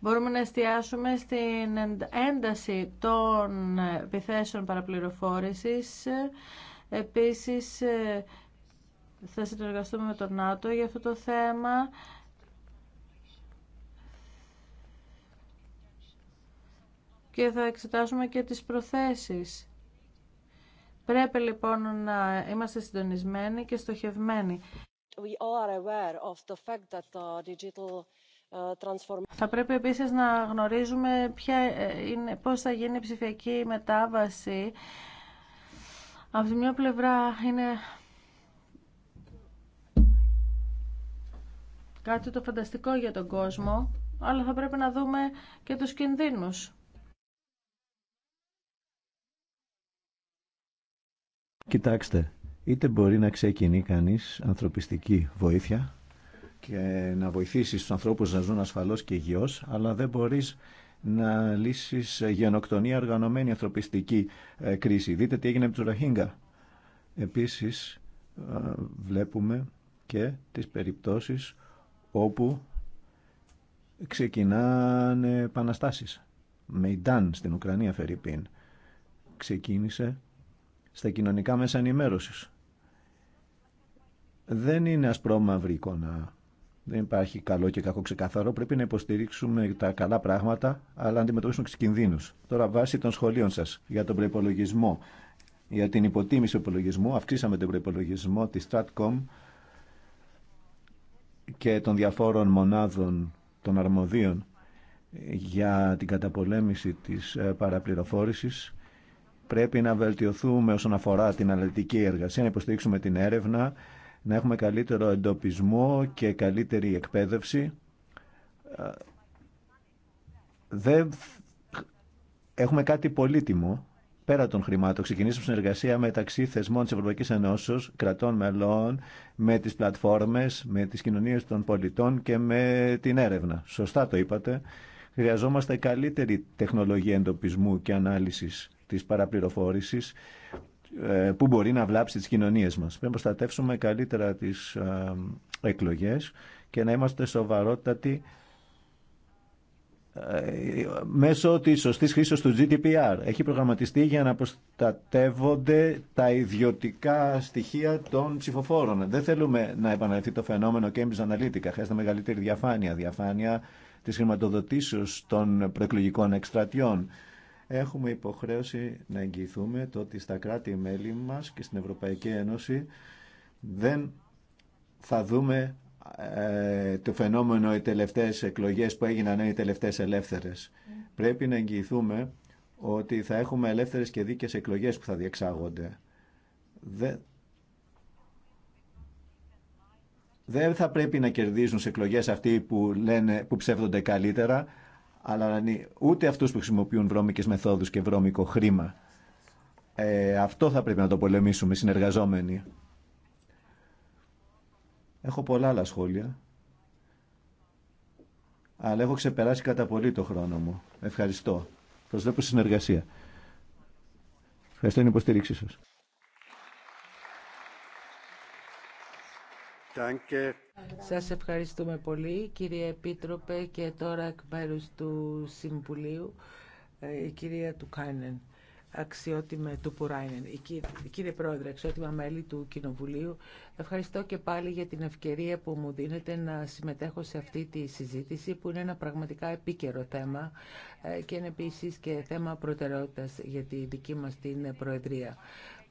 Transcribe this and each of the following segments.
Μπορούμε να εστιάσουμε στην ένταση των επιθέσεων παραπληροφόρησης. Επίσης, ε, θα συνεργαστούμε με τον ΝΑΤΟ για αυτό το θέμα. Και θα εξετάσουμε και τις προθέσεις. Πρέπει λοιπόν να είμαστε συντονισμένοι και στοχευμένοι. of the digital ε, θα πρέπει επίσης να γνωρίζουμε ποια ε, είναι, πώς θα γίνει η ψηφιακή μετάβαση. Από τη μια πλευρά είναι κάτι το φανταστικό για τον κόσμο, αλλά θα πρέπει να δούμε και τους κινδύνους. Κοιτάξτε, είτε μπορεί να ξεκινεί κανείς ανθρωπιστική βοήθεια, και να βοηθήσεις τους ανθρώπους να ζουν ασφαλώς και υγιώς, αλλά δεν μπορείς να λύσεις γενοκτονία οργανωμένη ανθρωπιστική ε, κρίση. Δείτε τι έγινε με τους Ραχίνγκα. Επίσης ε, βλέπουμε και τις περιπτώσεις όπου ξεκινάνε επαναστάσεις. Μεϊντάν στην Ουκρανία, Φερρυπίν, ξεκίνησε στα κοινωνικά μέσα ενημέρωσης. Δεν είναι ασπρόμαυρη εικόνα δεν υπάρχει καλό και κακό ξεκαθαρό. Πρέπει να υποστηρίξουμε τα καλά πράγματα, αλλά να αντιμετωπίσουμε και κινδύνου. Τώρα, βάσει των σχολείων σα για τον προπολογισμό, για την υποτίμηση του υπολογισμού, αυξήσαμε τον προπολογισμό τη Stratcom και των διαφόρων μονάδων των αρμοδίων για την καταπολέμηση της ε, παραπληροφόρησης. Πρέπει να βελτιωθούμε όσον αφορά την αναλυτική εργασία, να υποστηρίξουμε την έρευνα, να έχουμε καλύτερο εντοπισμό και καλύτερη εκπαίδευση. Δεν... Έχουμε κάτι πολύτιμο πέρα των χρημάτων. Ξεκινήσαμε συνεργασία μεταξύ θεσμών της Ευρωπαϊκής Ενώσεως, κρατών μελών, με τις πλατφόρμες, με τις κοινωνίες των πολιτών και με την έρευνα. Σωστά το είπατε. Χρειαζόμαστε καλύτερη τεχνολογία εντοπισμού και ανάλυσης της παραπληροφόρησης ε, που μπορεί να βλάψει τις κοινωνίες μας. Πρέπει να προστατεύσουμε καλύτερα τις ε, εκλογές και να είμαστε σοβαρότατοι ε, μέσω τη σωστή χρήση του GDPR. Έχει προγραμματιστεί για να προστατεύονται τα ιδιωτικά στοιχεία των ψηφοφόρων. Δεν θέλουμε να επαναληφθεί το φαινόμενο Cambridge Analytica. Χρειάζεται μεγαλύτερη διαφάνεια. Διαφάνεια τη χρηματοδοτήσεω των προεκλογικών εκστρατιών έχουμε υποχρέωση να εγγυηθούμε το ότι στα κράτη-μέλη μας και στην Ευρωπαϊκή Ένωση δεν θα δούμε ε, το φαινόμενο οι τελευταίες εκλογές που έγιναν οι τελευταίες ελεύθερες. Mm. Πρέπει να εγγυηθούμε ότι θα έχουμε ελεύθερες και δίκαιες εκλογές που θα διεξάγονται. Δεν, θα πρέπει να κερδίζουν σε εκλογές αυτοί που, λένε, που ψεύδονται καλύτερα, αλλά ναι, ούτε αυτούς που χρησιμοποιούν βρώμικες μεθόδους και βρώμικο χρήμα. Ε, αυτό θα πρέπει να το πολεμήσουμε συνεργαζόμενοι. Έχω πολλά άλλα σχόλια, αλλά έχω ξεπεράσει κατά πολύ το χρόνο μου. Ευχαριστώ. Προσβλέπω συνεργασία. Ευχαριστώ την υποστήριξή σας. Σας ευχαριστούμε πολύ κύριε Επίτροπε και τώρα εκ μέρους του Συμβουλίου ε, η κυρία Τουκάινεν αξιότιμε του Πουράινεν. Κύριε Πρόεδρε, αξιότιμα μέλη του Κοινοβουλίου, ευχαριστώ και πάλι για την ευκαιρία που μου δίνετε να συμμετέχω σε αυτή τη συζήτηση που είναι ένα πραγματικά επίκαιρο θέμα ε, και είναι επίσης και θέμα προτεραιότητας για τη δική μας την Προεδρία.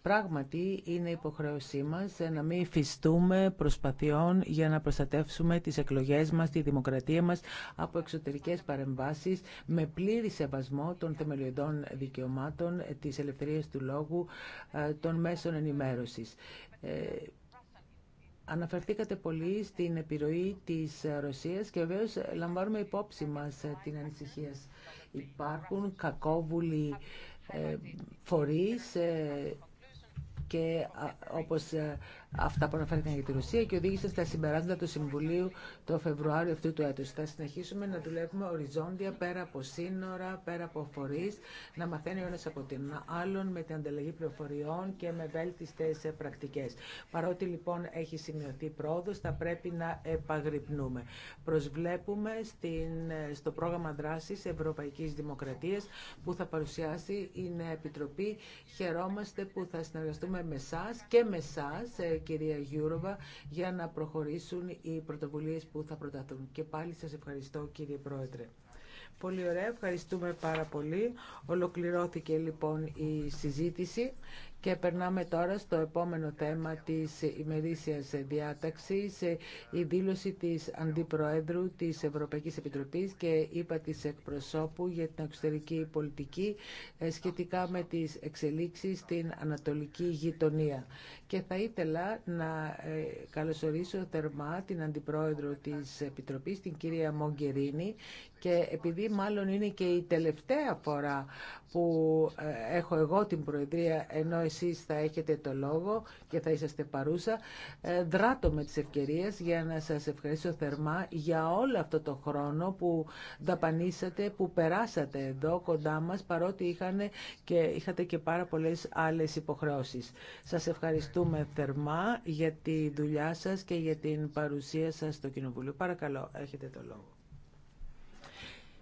Πράγματι, είναι υποχρέωσή μας να μην υφιστούμε προσπαθειών για να προστατεύσουμε τις εκλογές μας, τη δημοκρατία μας από εξωτερικές παρεμβάσεις με πλήρη σεβασμό των θεμελιωδών δικαιωμάτων, της ελευθερίας του λόγου, ε, των μέσων ενημέρωσης. Ε, αναφερθήκατε πολύ στην επιρροή της Ρωσίας και βεβαίως λαμβάνουμε υπόψη μας την ανησυχία. Υπάρχουν κακόβουλοι ε, φορείς και όπως ε, αυτά που αναφέρθηκαν για τη Ρωσία και οδήγησε στα συμπεράσματα του Συμβουλίου το Φεβρουάριο αυτού του έτου. Θα συνεχίσουμε να δουλεύουμε οριζόντια πέρα από σύνορα, πέρα από φορεί, να μαθαίνει ο ένα από την άλλον με την ανταλλαγή πληροφοριών και με βέλτιστες πρακτικέ. Παρότι λοιπόν έχει σημειωθεί πρόοδος, θα πρέπει να επαγρυπνούμε. Προσβλέπουμε στην, στο πρόγραμμα δράση Ευρωπαϊκή Δημοκρατία που θα παρουσιάσει η Επιτροπή. Χαιρόμαστε που θα συνεργαστούμε με εσά και με εσά ε, κυρία Γιούροβα για να προχωρήσουν οι πρωτοβουλίες που θα προταθούν. Και πάλι σας ευχαριστώ κύριε Πρόεδρε. Πολύ ωραία, ευχαριστούμε πάρα πολύ. Ολοκληρώθηκε λοιπόν η συζήτηση. Και περνάμε τώρα στο επόμενο θέμα της ημερήσιας διάταξης, η δήλωση της Αντιπροέδρου της Ευρωπαϊκής Επιτροπής και είπα της εκπροσώπου για την εξωτερική πολιτική ε, σχετικά με τις εξελίξεις στην Ανατολική Γειτονία. Και θα ήθελα να ε, καλωσορίσω θερμά την Αντιπρόεδρο της Επιτροπής, την κυρία Μογκερίνη, και επειδή μάλλον είναι και η τελευταία φορά που ε, έχω εγώ την Προεδρία ενώ εσείς θα έχετε το λόγο και θα είσαστε παρούσα. Ε, δράτω με τις ευκαιρίες για να σας ευχαριστήσω θερμά για όλο αυτό το χρόνο που δαπανίσατε, που περάσατε εδώ κοντά μας, παρότι είχαν και, είχατε και πάρα πολλές άλλες υποχρεώσεις. Σας ευχαριστούμε θερμά για τη δουλειά σας και για την παρουσία σας στο Κοινοβούλιο. Παρακαλώ, έχετε το λόγο.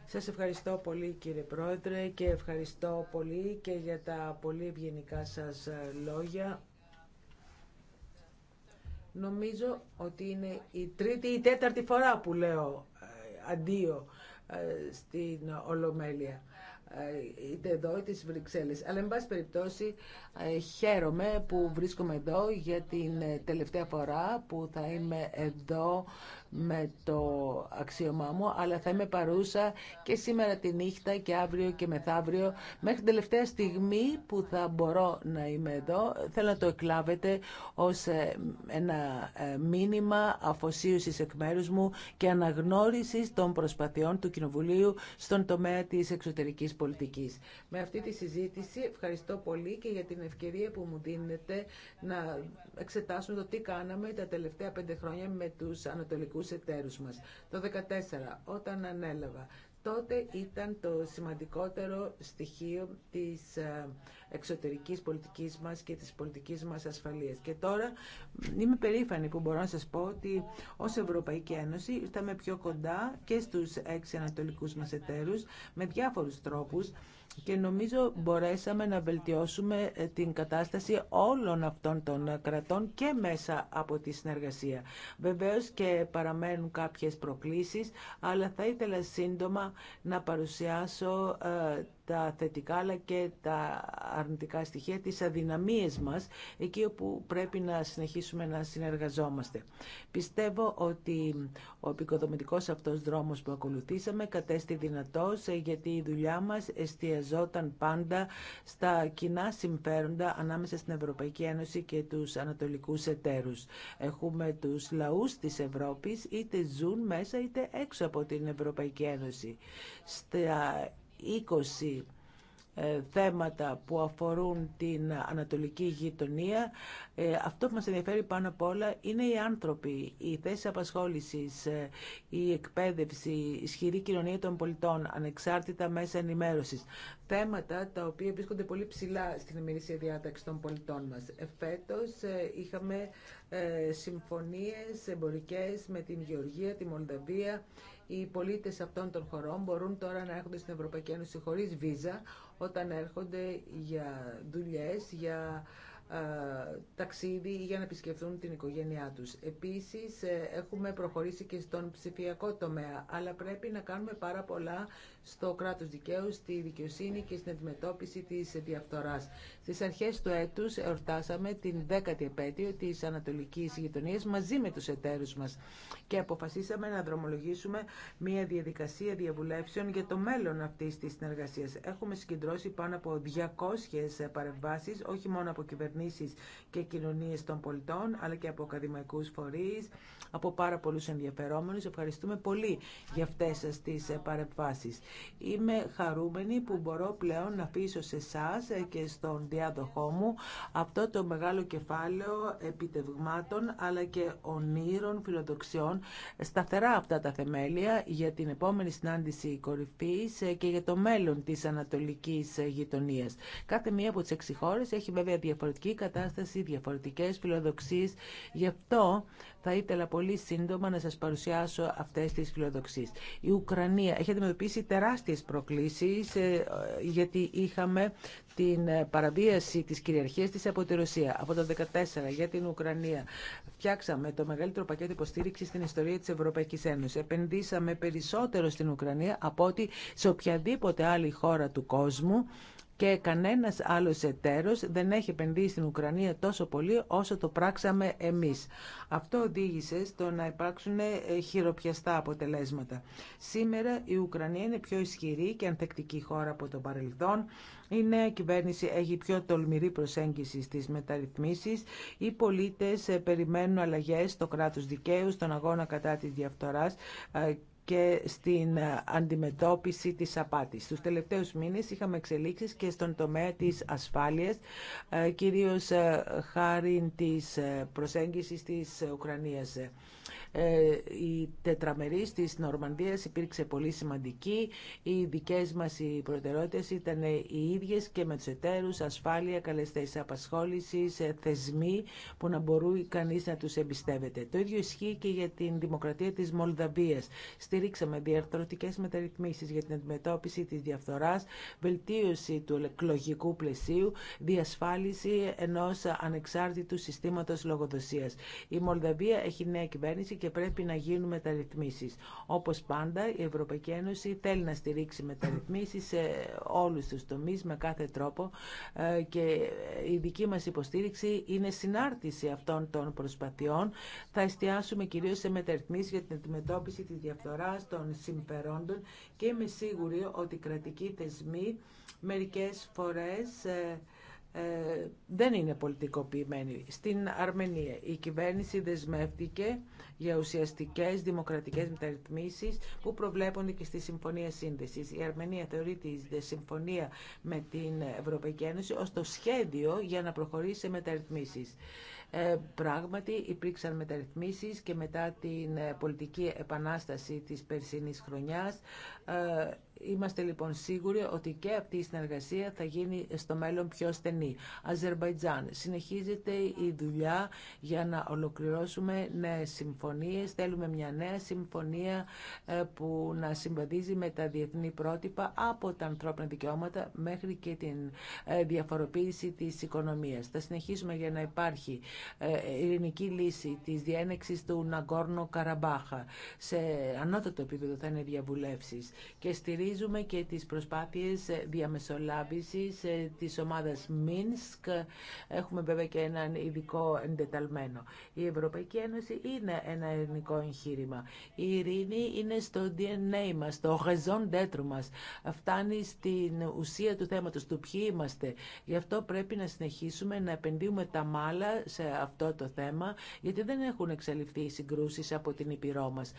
Σας ευχαριστώ πολύ κύριε Πρόεδρε και ευχαριστώ πολύ και για τα πολύ ευγενικά σας ε, λόγια. Νομίζω ότι είναι η τρίτη ή τέταρτη φορά που λέω ε, αντίο ε, στην Ολομέλεια είτε εδώ είτε στις Βρυξέλλες. Αλλά, εν πάση περιπτώσει, χαίρομαι που βρίσκομαι εδώ για την τελευταία φορά που θα είμαι εδώ με το αξίωμά μου, αλλά θα είμαι παρούσα και σήμερα τη νύχτα και αύριο και μεθαύριο, μέχρι την τελευταία στιγμή που θα μπορώ να είμαι εδώ. Θέλω να το εκλάβετε ως ε, ένα ε, μήνυμα αφοσίωσης εκ μέρους μου και αναγνώρισης των προσπαθειών του Κοινοβουλίου στον τομέα της εξωτερικής πολιτικής. Με αυτή τη συζήτηση ευχαριστώ πολύ και για την ευκαιρία που μου δίνετε να εξετάσουμε το τι κάναμε τα τελευταία πέντε χρόνια με τους ανατολικούς εταίρους μας. Το 2014, όταν ανέλαβα, τότε ήταν το σημαντικότερο στοιχείο της ε, εξωτερικής πολιτικής μας και της πολιτικής μας ασφαλείας. Και τώρα είμαι περήφανη που μπορώ να σας πω ότι ως Ευρωπαϊκή Ένωση ήρθαμε πιο κοντά και στους έξι ανατολικούς μας εταίρους με διάφορους τρόπους και νομίζω μπορέσαμε να βελτιώσουμε ε, την κατάσταση όλων αυτών των κρατών και μέσα από τη συνεργασία. Βεβαίως και παραμένουν κάποιες προκλήσεις, αλλά θα ήθελα σύντομα να παρουσιάσω ε, τα θετικά αλλά και τα αρνητικά στοιχεία, τις αδυναμίες μας, εκεί όπου πρέπει να συνεχίσουμε να συνεργαζόμαστε. Πιστεύω ότι ο επικοδομητικός αυτός δρόμος που ακολουθήσαμε κατέστη δυνατός γιατί η δουλειά μας εστιαζόταν πάντα στα κοινά συμφέροντα ανάμεσα στην Ευρωπαϊκή Ένωση και τους ανατολικούς εταίρους. Έχουμε τους λαούς της Ευρώπης είτε ζουν μέσα είτε έξω από την Ευρωπαϊκή Ένωση. Στα 20 ε, θέματα που αφορούν την ανατολική γειτονία. Ε, αυτό που μας ενδιαφέρει πάνω απ' όλα είναι οι άνθρωποι, η θέση απασχόλησης, ε, η εκπαίδευση, η ισχυρή κοινωνία των πολιτών, ανεξάρτητα μέσα ενημέρωσης. Θέματα τα οποία βρίσκονται πολύ ψηλά στην ημερήσια διάταξη των πολιτών μας. Φέτος είχαμε συμφωνίες εμπορικές με την Γεωργία, τη Μολδαβία, οι πολίτες αυτών των χωρών μπορούν τώρα να έρχονται στην Ευρωπαϊκή Ένωση χωρί βίζα όταν έρχονται για δουλειές, για ε, ταξίδι για να επισκεφθούν την οικογένειά τους. Επίσης ε, έχουμε προχωρήσει και στον ψηφιακό τομέα, αλλά πρέπει να κάνουμε πάρα πολλά στο κράτος δικαίου, στη δικαιοσύνη και στην αντιμετώπιση της διαφθοράς. Στις αρχές του έτους εορτάσαμε την 10η επέτειο της Ανατολικής Γειτονίας μαζί με τους εταίρους μας και αποφασίσαμε να δρομολογήσουμε μια διαδικασία διαβουλεύσεων για το μέλλον αυτής της συνεργασίας. Έχουμε συγκεντρώσει πάνω από 200 παρεμβάσεις, όχι μόνο από κυβερνήσεις, κυβερνήσεις και κοινωνίες των πολιτών, αλλά και από ακαδημαϊκούς φορείς, από πάρα πολλούς ενδιαφερόμενους. Ευχαριστούμε πολύ για αυτές σας τις ε, παρεμβάσεις. Είμαι χαρούμενη που μπορώ πλέον να αφήσω σε εσά ε, και στον διάδοχό μου αυτό το μεγάλο κεφάλαιο επιτευγμάτων, αλλά και ονείρων, φιλοδοξιών, σταθερά αυτά τα θεμέλια για την επόμενη συνάντηση κορυφή ε, και για το μέλλον της ανατολικής γειτονίας. Κάθε μία από τις έξι χώρες έχει βέβαια διαφορετική διαφορετική κατάσταση, διαφορετικές φιλοδοξίες. Γι' αυτό θα ήθελα πολύ σύντομα να σας παρουσιάσω αυτές τις φιλοδοξίες. Η Ουκρανία έχει αντιμετωπίσει τεράστιες προκλήσεις ε, γιατί είχαμε την παραβίαση της κυριαρχίας της από τη Ρωσία. Από το 2014 για την Ουκρανία φτιάξαμε το μεγαλύτερο πακέτο υποστήριξη στην ιστορία της Ευρωπαϊκής Ένωσης. Επενδύσαμε περισσότερο στην Ουκρανία από ότι σε οποιαδήποτε άλλη χώρα του κόσμου και κανένας άλλος εταίρος δεν έχει επενδύσει στην Ουκρανία τόσο πολύ όσο το πράξαμε εμείς. Αυτό οδήγησε στο να υπάρξουν ε, χειροπιαστά αποτελέσματα. Σήμερα η Ουκρανία είναι πιο ισχυρή και ανθεκτική χώρα από το παρελθόν. Η νέα κυβέρνηση έχει πιο τολμηρή προσέγγιση στις μεταρρυθμίσεις. Οι πολίτες ε, περιμένουν αλλαγές στο κράτος δικαίου, στον αγώνα κατά της διαφθοράς ε, και στην αντιμετώπιση της απάτης. Τους τελευταίους μήνες είχαμε εξελίξεις και στον τομέα της ασφάλειας, ε, κυρίως ε, χάρη της ε, προσέγγισης της Ουκρανίας. Ε, η τετραμερή της Νορμανδίας υπήρξε πολύ σημαντική. Οι δικές μας οι προτεραιότητες ήταν οι ίδιες και με τους εταίρους, ασφάλεια, καλές θέσεις απασχόλησης, ε, θεσμοί που να μπορούν κανείς να τους εμπιστεύεται. Το ίδιο ισχύει και για την δημοκρατία της Μολδαβίας. Στηρίξαμε διαρθρωτικές μεταρρυθμίσεις για την αντιμετώπιση της διαφθοράς, βελτίωση του εκλογικού πλαισίου, διασφάλιση ενός ανεξάρτητου συστήματος λογοδοσίας. Η Μολδαβία έχει νέα κυβέρνηση και πρέπει να γίνουν μεταρρυθμίσεις. Όπως πάντα η Ευρωπαϊκή Ένωση θέλει να στηρίξει μεταρρυθμίσεις σε όλους τους τομείς με κάθε τρόπο ε, και η δική μας υποστήριξη είναι συνάρτηση αυτών των προσπαθειών. Θα εστιάσουμε κυρίως σε μεταρρυθμίσει για την αντιμετώπιση της διαφθοράς των συμφερόντων και είμαι σίγουρη ότι οι κρατικοί θεσμοί μερικές φορές ε, ε, δεν είναι πολιτικοποιημένη. Στην Αρμενία η κυβέρνηση δεσμεύτηκε για ουσιαστικέ δημοκρατικές μεταρρυθμίσεις που προβλέπονται και στη Συμφωνία Σύνδεσης. Η Αρμενία θεωρεί τη συμφωνία με την Ευρωπαϊκή Ένωση ως το σχέδιο για να προχωρήσει σε μεταρρυθμίσεις. Ε, πράγματι υπήρξαν μεταρρυθμίσεις και μετά την ε, πολιτική επανάσταση της περσινής χρονιάς ε, Είμαστε λοιπόν σίγουροι ότι και αυτή η συνεργασία θα γίνει στο μέλλον πιο στενή. Αζερβαϊτζάν, συνεχίζεται η δουλειά για να ολοκληρώσουμε νέες συμφωνίες. Θέλουμε μια νέα συμφωνία ε, που να συμβαδίζει με τα διεθνή πρότυπα από τα ανθρώπινα δικαιώματα μέχρι και την ε, διαφοροποίηση της οικονομίας. Θα συνεχίσουμε για να υπάρχει ε, ειρηνική λύση της διένεξης του Ναγκόρνο Καραμπάχα. Σε ανώτατο επίπεδο θα είναι διαβουλεύσεις και στηρίζει Στηρίζουμε και τις προσπάθειες ε, διαμεσολάβησης ε, της ομάδας Μίνσκ. Έχουμε βέβαια και έναν ειδικό εντεταλμένο. Η Ευρωπαϊκή Ένωση είναι ένα ελληνικό εγχείρημα. Η ειρήνη είναι στο DNA μας, στο γεζόν τέτρου μας. Φτάνει στην ουσία του θέματος, του ποιοι είμαστε. Γι' αυτό πρέπει να συνεχίσουμε να επενδύουμε τα μάλα σε αυτό το θέμα, γιατί δεν έχουν εξαλειφθεί οι συγκρούσεις από την Ήπειρό μας.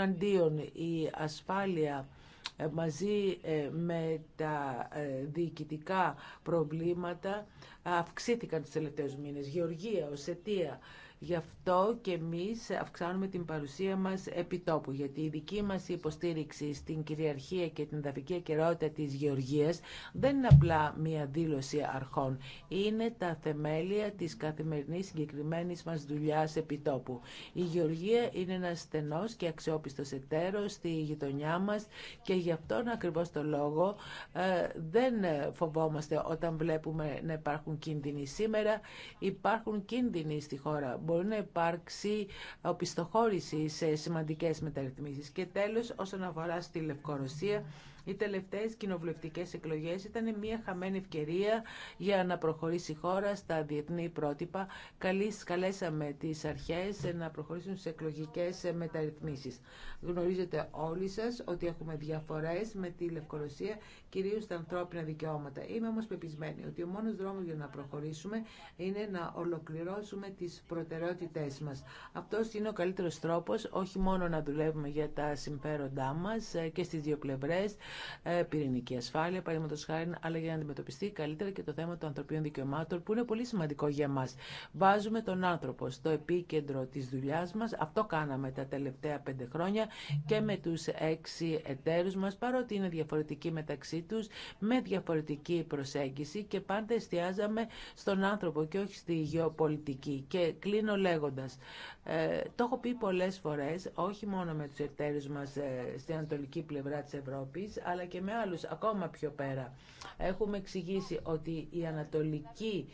αντίον η ασφάλεια ε, μαζί ε, με τα ε, διοικητικά προβλήματα αυξήθηκαν τις τελευταίες μήνες. Γεωργία, Οσετία, Γι' αυτό και εμείς αυξάνουμε την παρουσία μας επιτόπου, γιατί η δική μας υποστήριξη στην κυριαρχία και την ταφική ακαιρότητα της Γεωργίας δεν είναι απλά μία δήλωση αρχών. Είναι τα θεμέλια της καθημερινής συγκεκριμένη μας δουλειάς επιτόπου. Η Γεωργία είναι ένας στενός και αξιόπιστος εταίρος στη γειτονιά μας και γι' αυτόν ακριβώς το λόγο ε, δεν φοβόμαστε όταν βλέπουμε να υπάρχουν κίνδυνοι. Σήμερα υπάρχουν κίνδυνοι στη χώρα μπορεί να υπάρξει οπισθοχώρηση σε σημαντικές μεταρρυθμίσεις. Και τέλος, όσον αφορά στη Λευκορωσία, οι τελευταίε κοινοβουλευτικέ εκλογέ ήταν μια χαμένη ευκαιρία για να προχωρήσει η χώρα στα διεθνή πρότυπα. Καλέσαμε τι αρχέ να προχωρήσουν σε εκλογικέ μεταρρυθμίσει. Γνωρίζετε όλοι σα ότι έχουμε διαφορέ με τη Λευκορωσία, κυρίω στα ανθρώπινα δικαιώματα. Είμαι όμω πεπισμένη ότι ο μόνο δρόμο για να προχωρήσουμε είναι να ολοκληρώσουμε τι προτεραιότητές μα. Αυτό είναι ο καλύτερο τρόπο, όχι μόνο να δουλεύουμε για τα συμφέροντά μα ε, και στι δύο πλευρέ. Ε, πυρηνική ασφάλεια, παραδείγματο χάρη, αλλά για να αντιμετωπιστεί καλύτερα και το θέμα των ανθρωπίνων δικαιωμάτων, που είναι πολύ σημαντικό για μα. Βάζουμε τον άνθρωπο στο επίκεντρο τη δουλειά μα. Αυτό κάναμε τα τελευταία πέντε χρόνια και με του έξι εταίρου μα, παρότι είναι διαφορετικοί μεταξύ του, με διαφορετική προσέγγιση και πάντα εστιάζαμε στον άνθρωπο και όχι στη γεωπολιτική. Και κλείνω λέγοντα, ε, το έχω πει πολλές φορές, όχι μόνο με τους εταίρους μας ε, στην ανατολική πλευρά της Ευρώπης, αλλά και με άλλους ακόμα πιο πέρα. Έχουμε εξηγήσει ότι η ανατολική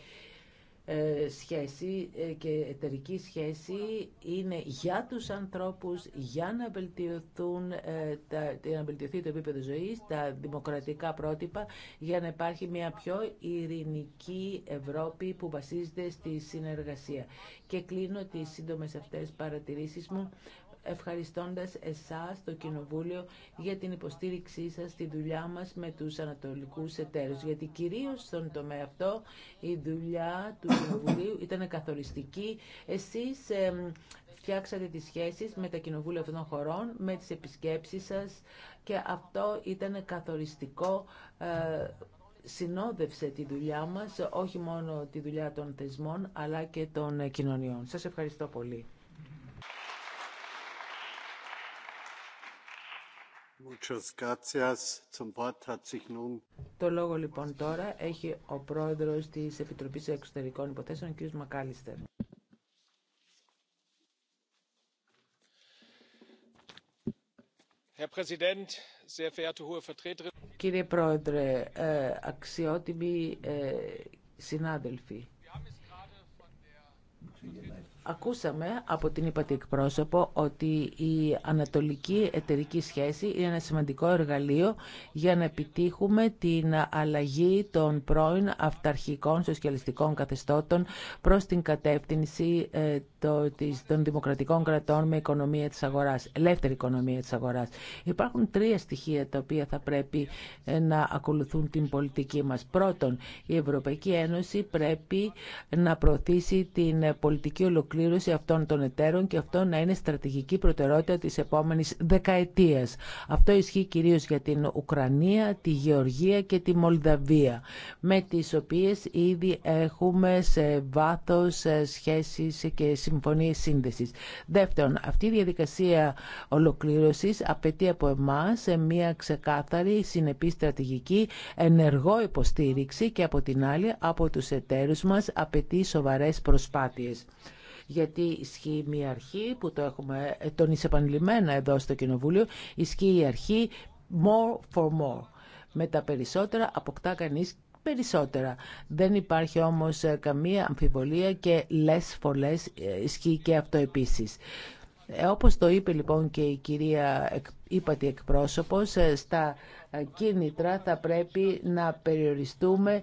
ε, σχέση ε, και εταιρική σχέση είναι για τους ανθρώπους, για να, βελτιωθούν, ε, να βελτιωθεί το επίπεδο ζωής, τα δημοκρατικά πρότυπα, για να υπάρχει μια πιο ειρηνική Ευρώπη που βασίζεται στη συνεργασία. Και κλείνω τις σύντομες αυτές παρατηρήσεις μου ευχαριστώντας εσάς, το Κοινοβούλιο, για την υποστήριξή σας στη δουλειά μας με τους ανατολικούς εταίρους. Γιατί κυρίως στον τομέα αυτό η δουλειά του Κοινοβουλίου ήταν καθοριστική. Εσείς φτιάξατε τις σχέσεις με τα κοινοβούλια αυτών των χωρών, με τις επισκέψεις σας και αυτό ήταν καθοριστικό ε, συνόδευσε τη δουλειά μας, όχι μόνο τη δουλειά των θεσμών, αλλά και των κοινωνιών. Σας ευχαριστώ πολύ. Το λόγο λοιπόν τώρα έχει ο πρόεδρος της Επιτροπής Εξωτερικών Υποθέσεων, κ. Μακάλιστερ. Κύριε Πρόεδρε, ε, αξιότιμοι ε, συνάδελφοι, Ακούσαμε από την είπατε εκπρόσωπο ότι η ανατολική εταιρική σχέση είναι ένα σημαντικό εργαλείο για να επιτύχουμε την αλλαγή των πρώην αυταρχικών σοσιαλιστικών καθεστώτων προς την κατεύθυνση ε, των δημοκρατικών κρατών με οικονομία της αγοράς, ελεύθερη οικονομία της αγοράς. Υπάρχουν τρία στοιχεία τα οποία θα πρέπει ε, να ακολουθούν την πολιτική μας. Πρώτον, η Ευρωπαϊκή Ένωση πρέπει να προωθήσει την πολιτική ολοκλήρωση ολοκλήρωση αυτών των εταίρων και αυτό να είναι στρατηγική προτεραιότητα της επόμενης δεκαετίας. Αυτό ισχύει κυρίως για την Ουκρανία, τη Γεωργία και τη Μολδαβία, με τις οποίες ήδη έχουμε σε βάθος σχέσεις και συμφωνίες σύνδεσης. Δεύτερον, αυτή η διαδικασία ολοκλήρωσης απαιτεί από εμάς μια ξεκάθαρη συνεπή στρατηγική ενεργό υποστήριξη και από την άλλη από τους εταίρους μας απαιτεί σοβαρές προσπάθειες γιατί ισχύει μια αρχή που το έχουμε ε, τονίσει επανειλημμένα εδώ στο Κοινοβούλιο, ισχύει η αρχή more for more. Με τα περισσότερα αποκτά κανείς περισσότερα. Δεν υπάρχει όμως ε, καμία αμφιβολία και less for less ε, ισχύει και αυτό επίσης. Όπως το είπε λοιπόν και η κυρία Ήπατη εκπρόσωπος, στα κίνητρα θα πρέπει να περιοριστούμε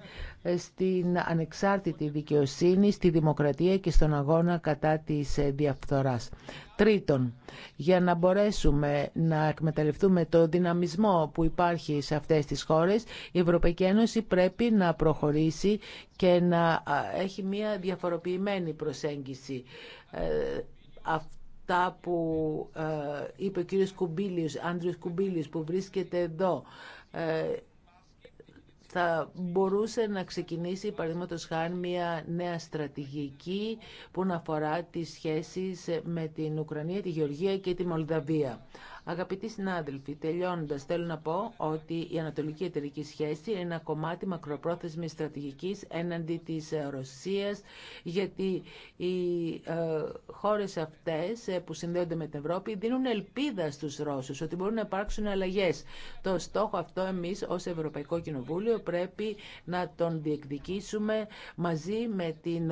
στην ανεξάρτητη δικαιοσύνη, στη δημοκρατία και στον αγώνα κατά της διαφθοράς. Τρίτον, για να μπορέσουμε να εκμεταλλευτούμε το δυναμισμό που υπάρχει σε αυτές τις χώρες, η Ευρωπαϊκή Ένωση πρέπει να προχωρήσει και να έχει μια διαφοροποιημένη προσέγγιση. Ε, τα που ε, είπε ο κύριος Κουμπίλιος, Άντριος Κουμπίλιος που βρίσκεται εδώ ε, θα μπορούσε να ξεκινήσει παραδείγματο χάν, μια νέα στρατηγική που να αφορά τις σχέσεις με την Ουκρανία, τη Γεωργία και τη Μολδαβία. Αγαπητοί συνάδελφοι, τελειώνοντας, θέλω να πω ότι η Ανατολική Εταιρική Σχέση είναι ένα κομμάτι μακροπρόθεσμη στρατηγική έναντι τη ε, Ρωσία, γιατί οι ε, χώρες αυτές ε, που συνδέονται με την Ευρώπη δίνουν ελπίδα στου Ρώσους ότι μπορούν να υπάρξουν αλλαγέ. Το στόχο αυτό εμεί, ω Ευρωπαϊκό Κοινοβούλιο πρέπει να τον διεκδικήσουμε μαζί με την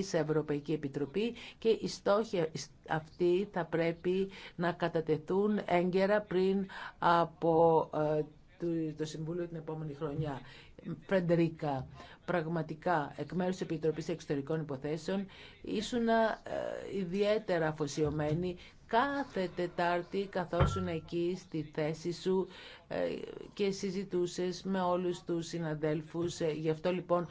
σε Ευρωπαϊκή Επιτροπή και οι στόχοι αυτοί θα πρέπει να κατατεθούν έγκαιρα πριν από ε, το Συμβούλιο την επόμενη χρονιά. Φρεντερίκα, πραγματικά εκ μέρου τη Επιτροπή Εξωτερικών Υποθέσεων ήσουν ε, ιδιαίτερα αφοσιωμένη κάθε Τετάρτη καθόσουν εκεί στη θέση σου ε, και συζητούσες με όλους τους συναδέλφους. Γι' αυτό λοιπόν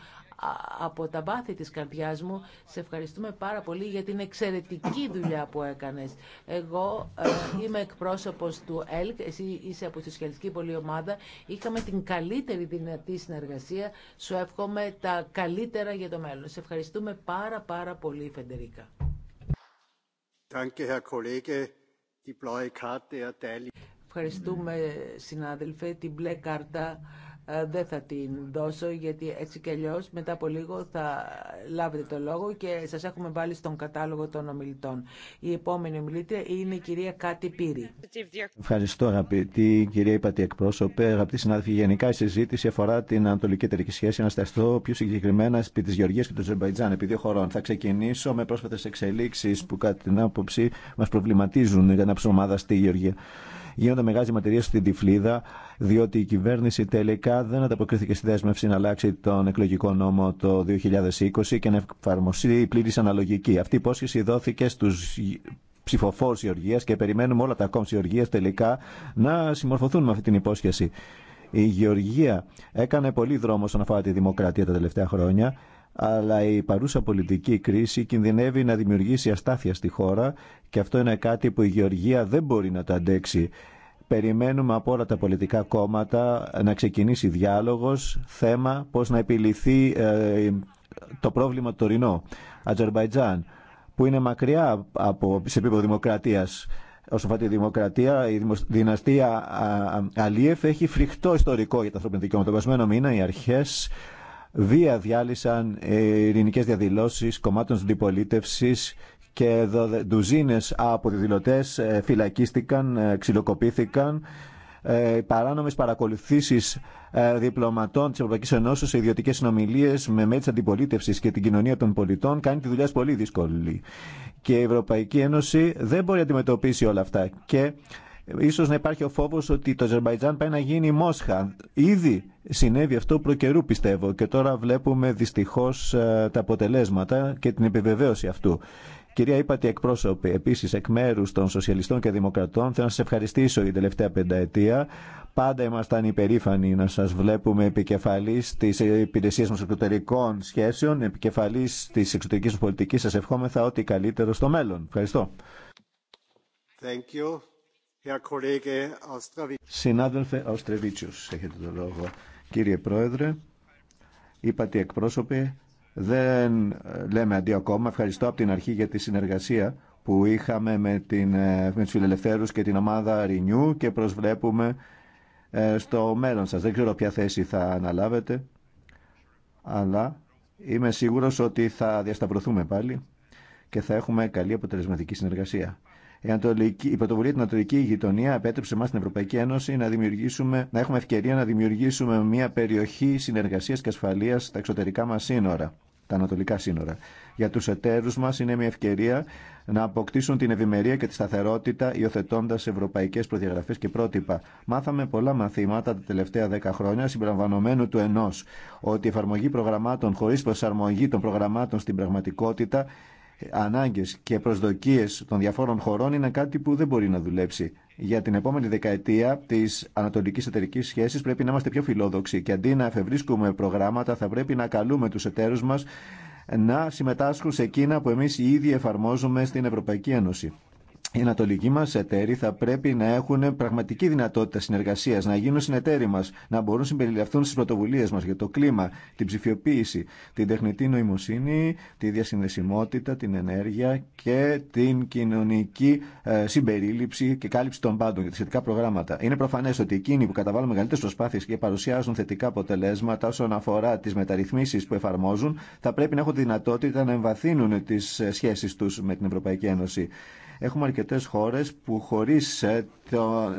από τα βάθη της καρδιάς μου. Σε ευχαριστούμε πάρα πολύ για την εξαιρετική δουλειά που έκανες. Εγώ ε, είμαι εκπρόσωπος του ΕΛΚ, εσύ είσαι από τη σχετική πολυομάδα Είχαμε την καλύτερη δυνατή συνεργασία. Σου εύχομαι τα καλύτερα για το μέλλον. Σε ευχαριστούμε πάρα πάρα πολύ, Φεντερίκα. Ευχαριστούμε, συνάδελφε, την μπλε κάρτα ε, δεν θα την δώσω γιατί έτσι και αλλιώ μετά από λίγο θα λάβετε το λόγο και σας έχουμε βάλει στον κατάλογο των ομιλητών. Η επόμενη ομιλήτρια είναι η κυρία Κάτι Πύρη. Ευχαριστώ αγαπητή κυρία Υπατή εκπρόσωπε. Αγαπητοί συνάδελφοι, γενικά η συζήτηση αφορά την Ανατολική Εταιρική Σχέση. Να σταθώ πιο συγκεκριμένα επί τη Γεωργία και του Αζερβαϊτζάν, επί δύο χωρών. Θα ξεκινήσω με πρόσφατε εξελίξει που, κατά την άποψη, μα προβληματίζουν για την ομάδα στη Γεωργία γίνονται μεγάλε ματαιρίε στην τυφλίδα, διότι η κυβέρνηση τελικά δεν ανταποκρίθηκε στη δέσμευση να αλλάξει τον εκλογικό νόμο το 2020 και να εφαρμοστεί η πλήρη αναλογική. Αυτή η υπόσχεση δόθηκε στου ψηφοφόρου Γεωργία και περιμένουμε όλα τα κόμματα Γεωργία τελικά να συμμορφωθούν με αυτή την υπόσχεση. Η Γεωργία έκανε πολύ δρόμο όσον αφορά τη δημοκρατία τα τελευταία χρόνια αλλά η παρούσα πολιτική κρίση κινδυνεύει να δημιουργήσει αστάθεια στη χώρα και αυτό είναι κάτι που η Γεωργία δεν μπορεί να το αντέξει. Περιμένουμε από όλα τα πολιτικά κόμματα να ξεκινήσει διάλογος, θέμα πώς να επιληθεί ε, το πρόβλημα του τωρινό. Αζερβαϊτζάν, που είναι μακριά από, σε επίπεδο δημοκρατίας, Όσο αφορά τη δημοκρατία, η δυναστεία Αλίεφ έχει φρικτό ιστορικό για τα ανθρώπινα δικαιώματα. Το περασμένο μήνα οι αρχέ Βία διάλυσαν ειρηνικέ διαδηλώσει κομμάτων αντιπολίτευση και ντουζίνε από διαδηλωτέ ε, φυλακίστηκαν, ε, ξυλοκοπήθηκαν. Οι ε, παράνομες παρακολουθήσεις διπλωματών της Ευρωπαϊκής Ενώσης σε ιδιωτικές συνομιλίες με μέλη της και την κοινωνία των πολιτών κάνει τη δουλειά πολύ δύσκολη. Και η Ευρωπαϊκή Ένωση δεν μπορεί να αντιμετωπίσει όλα αυτά. Και Ίσως να υπάρχει ο φόβος ότι το Αζερβαϊτζάν πάει να γίνει Μόσχα. Ήδη συνέβη αυτό προκαιρού πιστεύω και τώρα βλέπουμε δυστυχώς ε, τα αποτελέσματα και την επιβεβαίωση αυτού. Κυρία Ήπατη, εκπρόσωπη, επίση εκ μέρου των Σοσιαλιστών και Δημοκρατών, θέλω να σα ευχαριστήσω για την τελευταία πενταετία. Πάντα ήμασταν υπερήφανοι να σα βλέπουμε επικεφαλή τη υπηρεσία μα εξωτερικών σχέσεων, επικεφαλή τη εξωτερική πολιτική. Σα ευχόμεθα ό,τι καλύτερο στο μέλλον. Ευχαριστώ. Thank you. Συνάδελφε Αυστρεβίτσιος, έχετε το λόγο. Κύριε Πρόεδρε, είπατε εκπρόσωποι, δεν ε, λέμε αντί ακόμα. Ευχαριστώ από την αρχή για τη συνεργασία που είχαμε με, την, ε, με τους φιλελευθέρους και την ομάδα Ρινιού και προσβλέπουμε ε, στο μέλλον σας. Δεν ξέρω ποια θέση θα αναλάβετε, αλλά είμαι σίγουρος ότι θα διασταυρωθούμε πάλι και θα έχουμε καλή αποτελεσματική συνεργασία. Η, Ανατολική, η πρωτοβουλία την Ανατολική γειτονία επέτρεψε εμά στην Ευρωπαϊκή Ένωση να, δημιουργήσουμε, να έχουμε ευκαιρία να δημιουργήσουμε μια περιοχή συνεργασία και ασφαλεία στα εξωτερικά μα σύνορα, τα ανατολικά σύνορα. Για του εταίρου μα είναι μια ευκαιρία να αποκτήσουν την ευημερία και τη σταθερότητα υιοθετώντα ευρωπαϊκέ προδιαγραφέ και πρότυπα. Μάθαμε πολλά μαθήματα τα τελευταία δέκα χρόνια, συμπεριλαμβανομένου του ενό, ότι η εφαρμογή προγραμμάτων χωρί προσαρμογή των προγραμμάτων στην πραγματικότητα ανάγκες και προσδοκίες των διαφόρων χωρών είναι κάτι που δεν μπορεί να δουλέψει. Για την επόμενη δεκαετία τη ανατολική εταιρική σχέση πρέπει να είμαστε πιο φιλόδοξοι και αντί να εφευρίσκουμε προγράμματα θα πρέπει να καλούμε του εταίρου μα να συμμετάσχουν σε εκείνα που εμεί ήδη εφαρμόζουμε στην Ευρωπαϊκή Ένωση οι ανατολικοί μα εταίροι θα πρέπει να έχουν πραγματική δυνατότητα συνεργασία, να γίνουν συνεταίροι μα, να μπορούν να συμπεριληφθούν στι πρωτοβουλίε μα για το κλίμα, την ψηφιοποίηση, την τεχνητή νοημοσύνη, τη διασυνδεσιμότητα, την ενέργεια και την κοινωνική ε, συμπερίληψη και κάλυψη των πάντων για τα σχετικά προγράμματα. Είναι προφανέ ότι εκείνοι που καταβάλουν μεγαλύτερε προσπάθειε και παρουσιάζουν θετικά αποτελέσματα όσον αφορά τι μεταρρυθμίσει που εφαρμόζουν, θα πρέπει να έχουν δυνατότητα να εμβαθύνουν τι ε, σχέσει του με την Ευρωπαϊκή Ένωση. Έχουμε αρκετές χώρες που χωρίς ε, το,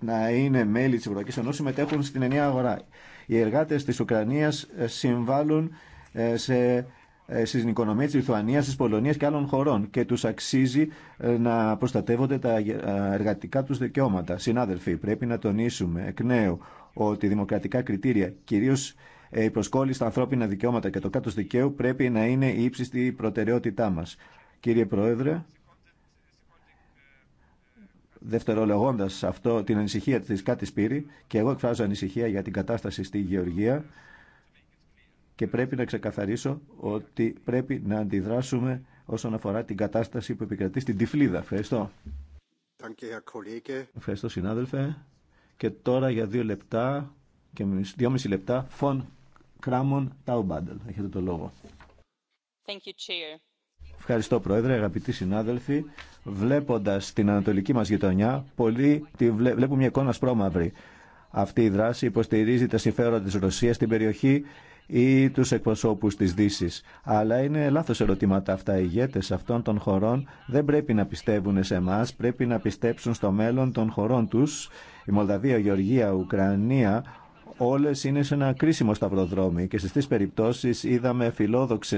να είναι μέλη της Ευρωπαϊκής Ενώσης συμμετέχουν στην ενιαία αγορά. Οι εργάτες της Ουκρανίας ε, συμβάλλουν ε, σε στις οικονομίες της Λιθουανίας, της Πολωνίας και άλλων χωρών και τους αξίζει να προστατεύονται τα εργατικά τους δικαιώματα. Συνάδελφοι, πρέπει να τονίσουμε εκ νέου ότι δημοκρατικά κριτήρια, κυρίως η προσκόλληση στα ανθρώπινα δικαιώματα και το κάτω δικαίου πρέπει να είναι η ύψιστη προτεραιότητά μας. Κύριε Πρόεδρε, Δευτερολογώντα αυτό την ανησυχία τη Κάτι Σπύρι και εγώ εκφράζω ανησυχία για την κατάσταση στη Γεωργία και πρέπει να ξεκαθαρίσω ότι πρέπει να αντιδράσουμε όσον αφορά την κατάσταση που επικρατεί στην Τυφλίδα. Ευχαριστώ. Ευχαριστώ συνάδελφε. Και τώρα για δύο λεπτά και δυόμιση λεπτά, Φων Κράμον Ταουμπάντελ. Έχετε το λόγο. Thank you, Ευχαριστώ Πρόεδρε, αγαπητοί συνάδελφοι. Βλέποντας την ανατολική μας γειτονιά, πολλοί τη βλέ... βλέπουν μια εικόνα σπρώμαυρη. Αυτή η δράση υποστηρίζει τα συμφέροντα της Ρωσίας στην περιοχή ή τους εκπροσώπους της δύση. Αλλά είναι λάθος ερωτήματα αυτά. Οι ηγέτες αυτών των χωρών δεν πρέπει να πιστεύουν σε εμά, πρέπει να πιστέψουν στο μέλλον των χωρών τους. Η Μολδαβία, η Γεωργία, η Ουκρανία, Όλε είναι σε ένα κρίσιμο σταυροδρόμι και στις τι περιπτώσεις είδαμε φιλόδοξε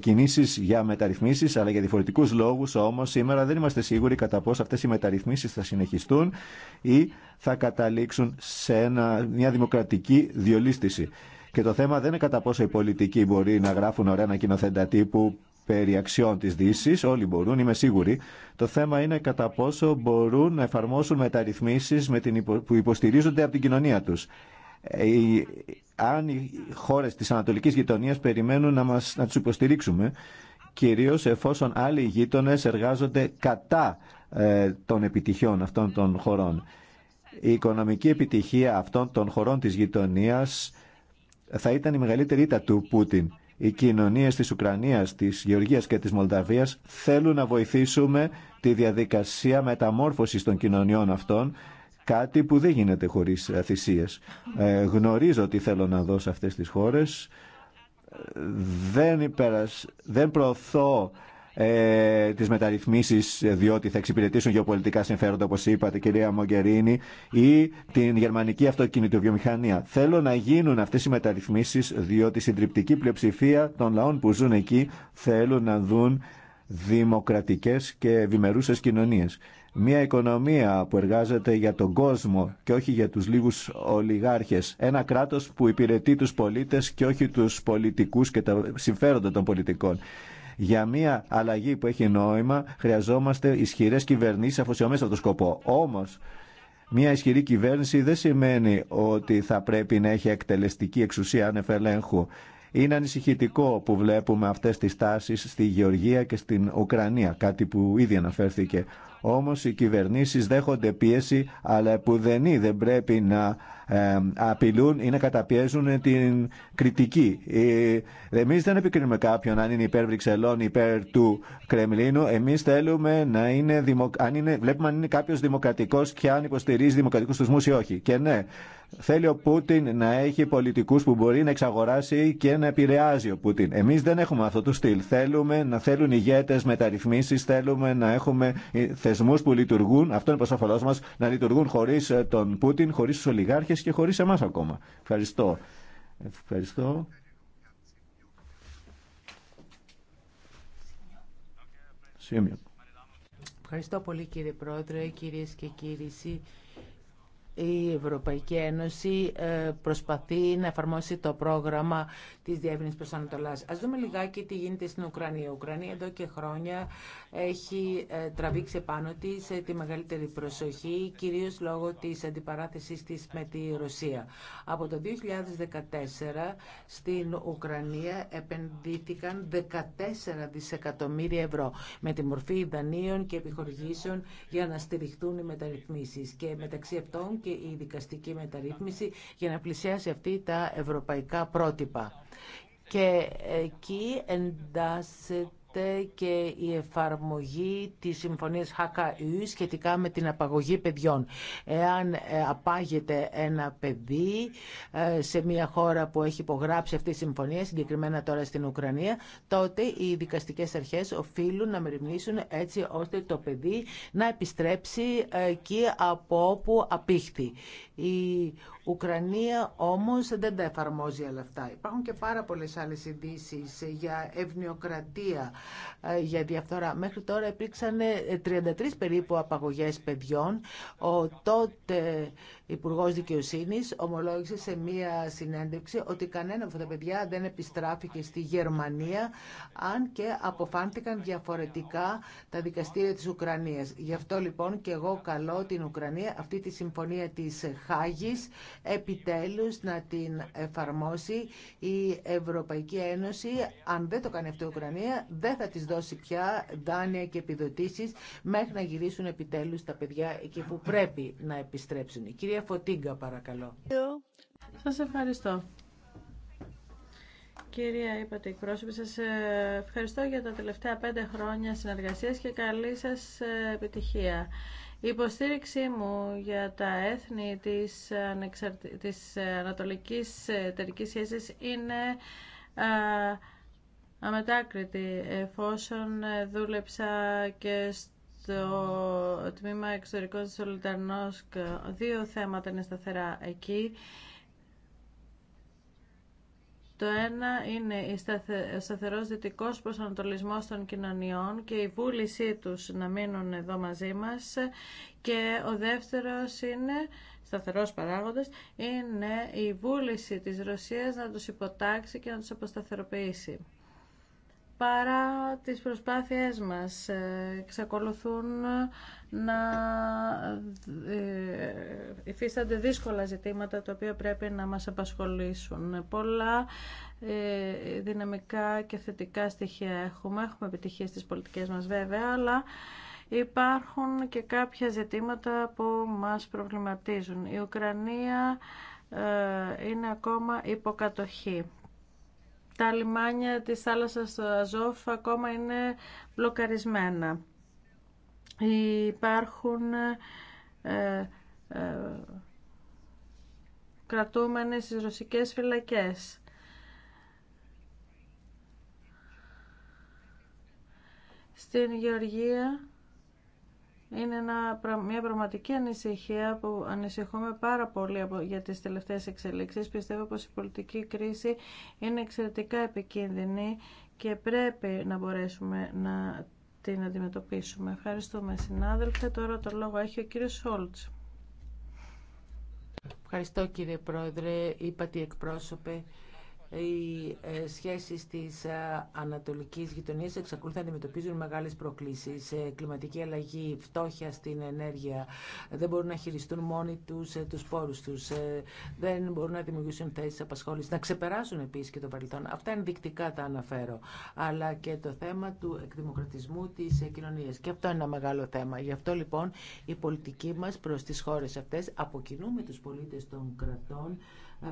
κινήσει για μεταρρυθμίσει, αλλά για διαφορετικούς λόγους όμω, σήμερα δεν είμαστε σίγουροι κατά πόσο αυτές οι μεταρρυθμίσεις θα συνεχιστούν ή θα καταλήξουν σε μια δημοκρατική διολίστηση. Και το θέμα δεν είναι κατά πόσο οι πολιτικοί μπορεί να γράφουν ωραία ανακοινοθέντα τύπου περί αξιών της Δύσης, όλοι μπορούν, είμαι σίγουροι, Το θέμα είναι κατά πόσο μπορούν να εφαρμόσουν μεταρρυθμίσεις με την που υποστηρίζονται από την κοινωνία τους. Ε, οι... αν οι χώρες της Ανατολικής Γειτονίας περιμένουν να, μας, να τους υποστηρίξουμε, κυρίως εφόσον άλλοι γείτονες εργάζονται κατά ε, των επιτυχιών αυτών των χωρών. Η οικονομική επιτυχία αυτών των χωρών της γειτονίας θα ήταν η μεγαλύτερη ήττα του Πούτιν οι κοινωνίες της Ουκρανίας, της Γεωργίας και της Μολδαβίας θέλουν να βοηθήσουμε τη διαδικασία μεταμόρφωσης των κοινωνιών αυτών, κάτι που δεν γίνεται χωρίς θυσίες. Ε, γνωρίζω τι θέλω να δω σε αυτές τις χώρες. Ε, δεν, υπερασ... δεν προωθώ ε, τις μεταρρυθμίσεις διότι θα εξυπηρετήσουν γεωπολιτικά συμφέροντα όπως είπατε κυρία Μογκερίνη ή την γερμανική αυτοκινητοβιομηχανία. Θέλω να γίνουν αυτές οι μεταρρυθμίσεις διότι η συντριπτική πλειοψηφία των λαών που ζουν εκεί θέλουν να δουν δημοκρατικές και ευημερούσε κοινωνίες. Μια οικονομία που εργάζεται για τον κόσμο και όχι για τους λίγους ολιγάρχες. Ένα κράτος που υπηρετεί τους πολίτες και όχι τους πολιτικούς και τα συμφέροντα των πολιτικών. Για μια αλλαγή που έχει νόημα χρειαζόμαστε ισχυρέ κυβερνήσει αφοσιωμένε αυτό το σκοπό. Όμω, μια ισχυρή κυβέρνηση δεν σημαίνει ότι θα πρέπει να έχει εκτελεστική εξουσία ανεφελέγχου. Είναι ανησυχητικό που βλέπουμε αυτές τις τάσεις στη Γεωργία και στην Ουκρανία, κάτι που ήδη αναφέρθηκε. Όμως οι κυβερνήσεις δέχονται πίεση, αλλά που δεν πρέπει να απειλούν ή να καταπιέζουν την κριτική. Ε, Εμεί δεν επικρίνουμε κάποιον αν είναι υπέρ Βρυξελών, υπέρ του Κρεμλίνου. Εμεί θέλουμε να είναι, δημο... αν είναι, βλέπουμε αν είναι κάποιο δημοκρατικό και αν υποστηρίζει δημοκρατικού θεσμού ή όχι. Και ναι, θέλει ο Πούτιν να έχει πολιτικού που μπορεί να εξαγοράσει και να επηρεάζει ο Πούτιν. Εμεί δεν έχουμε αυτό το στυλ. Θέλουμε να θέλουν ηγέτε μεταρρυθμίσει, θέλουμε να έχουμε ε, θεσμού που λειτουργούν, αυτό είναι προ μα, να λειτουργούν χωρί ε, τον Πούτιν, χωρί του ολιγάρχε και χωρίς εμάς ακόμα. Ευχαριστώ. Ευχαριστώ. Ευχαριστώ πολύ κύριε Πρόεδρε, κυρίες και κύριοι η Ευρωπαϊκή Ένωση ε, προσπαθεί να εφαρμόσει το πρόγραμμα της διεύρυνσης προς Ανατολάς. Ας δούμε λιγάκι τι γίνεται στην Ουκρανία. Η Ουκρανία εδώ και χρόνια έχει ε, τραβήξει πάνω της ε, τη μεγαλύτερη προσοχή, κυρίως λόγω της αντιπαράθεσης της με τη Ρωσία. Από το 2014 στην Ουκρανία επενδύθηκαν 14 δισεκατομμύρια ευρώ με τη μορφή δανείων και επιχορηγήσεων για να στηριχτούν οι μεταρρυθμίσεις. Και μεταξύ αυτών και η δικαστική μεταρρύθμιση για να πλησιάσει αυτή τα ευρωπαϊκά πρότυπα. Και εκεί εντάσσεται και η εφαρμογή της Συμφωνίας ΧΚΙ σχετικά με την απαγωγή παιδιών. Εάν ε, απάγεται ένα παιδί ε, σε μια χώρα που έχει υπογράψει αυτή τη συμφωνία, συγκεκριμένα τώρα στην Ουκρανία, τότε οι δικαστικές αρχές οφείλουν να μεριμνήσουν έτσι ώστε το παιδί να επιστρέψει ε, εκεί από όπου απήχθη. Η Ουκρανία όμως δεν τα εφαρμόζει όλα αυτά. Υπάρχουν και πάρα πολλές άλλες ειδήσει για ευνοιοκρατία, ε, για διαφθορά. Μέχρι τώρα υπήρξαν 33 ε, περίπου απαγωγές παιδιών. Ο τότε Υπουργό Δικαιοσύνη ομολόγησε σε μία συνέντευξη ότι κανένα από τα παιδιά δεν επιστράφηκε στη Γερμανία, αν και αποφάνθηκαν διαφορετικά τα δικαστήρια τη Ουκρανία. Γι' αυτό λοιπόν και εγώ καλώ την Ουκρανία αυτή τη συμφωνία τη Χάγη επιτέλου να την εφαρμόσει η Ευρωπαϊκή Ένωση. Αν δεν το κάνει αυτό η Ουκρανία, δεν θα τη δώσει πια δάνεια και επιδοτήσει μέχρι να γυρίσουν επιτέλου τα παιδιά εκεί που πρέπει να επιστρέψουν κυρία παρακαλώ. Σας ευχαριστώ. Κυρία, είπατε εκπρόσωπη, σας ε, ευχαριστώ για τα τελευταία πέντε χρόνια συνεργασίας και καλή σας ε, επιτυχία. Η υποστήριξή μου για τα έθνη της, της ανατολικής εταιρικής σχέσης είναι αμετάκριτη εφόσον ε, δούλεψα και στο το τμήμα εξωτερικών της δύο θέματα είναι σταθερά εκεί. Το ένα είναι ο σταθερός δυτικός προσανατολισμός των κοινωνιών και η βούλησή τους να μείνουν εδώ μαζί μας και ο δεύτερος είναι, σταθερός παράγοντας, είναι η βούληση της Ρωσίας να τους υποτάξει και να τους αποσταθεροποιήσει παρά τις προσπάθειές μας ε, εξακολουθούν να ε, υφίστανται δύσκολα ζητήματα τα οποία πρέπει να μας απασχολήσουν. Πολλά ε, δυναμικά και θετικά στοιχεία έχουμε. Έχουμε επιτυχίες στις πολιτικές μας βέβαια, αλλά υπάρχουν και κάποια ζητήματα που μας προβληματίζουν. Η Ουκρανία είναι ακόμα υποκατοχή τα λιμάνια της θάλασσας Αζόφ ακόμα είναι μπλοκαρισμένα. Υπάρχουν ε, ε, κρατούμενοι στις ρωσικές φυλακές. Στην Γεωργία είναι μια πραγματική ανησυχία που ανησυχούμε πάρα πολύ για τις τελευταίες εξελίξεις. Πιστεύω πως η πολιτική κρίση είναι εξαιρετικά επικίνδυνη και πρέπει να μπορέσουμε να την αντιμετωπίσουμε. Ευχαριστούμε συνάδελφε. Τώρα το λόγο έχει ο κύριος Σόλτς. Ευχαριστώ κύριε Πρόεδρε, είπατε εκπρόσωπε οι ε, σχέσεις της ε, ανατολικής γειτονίας εξακολουθούν να αντιμετωπίζουν μεγάλες προκλήσεις. Ε, κλιματική αλλαγή, φτώχεια στην ενέργεια, δεν μπορούν να χειριστούν μόνοι τους τους πόρους τους, δεν μπορούν να δημιουργήσουν θέσεις απασχόλησης, να ξεπεράσουν επίσης και το παρελθόν. Αυτά ενδεικτικά τα αναφέρω. Αλλά και το θέμα του εκδημοκρατισμού της κοινωνίας. Και αυτό είναι ένα μεγάλο θέμα. Γι' αυτό λοιπόν η πολιτική μας προς τις χώρες αυτές αποκινούμε τους πολίτες των κρατών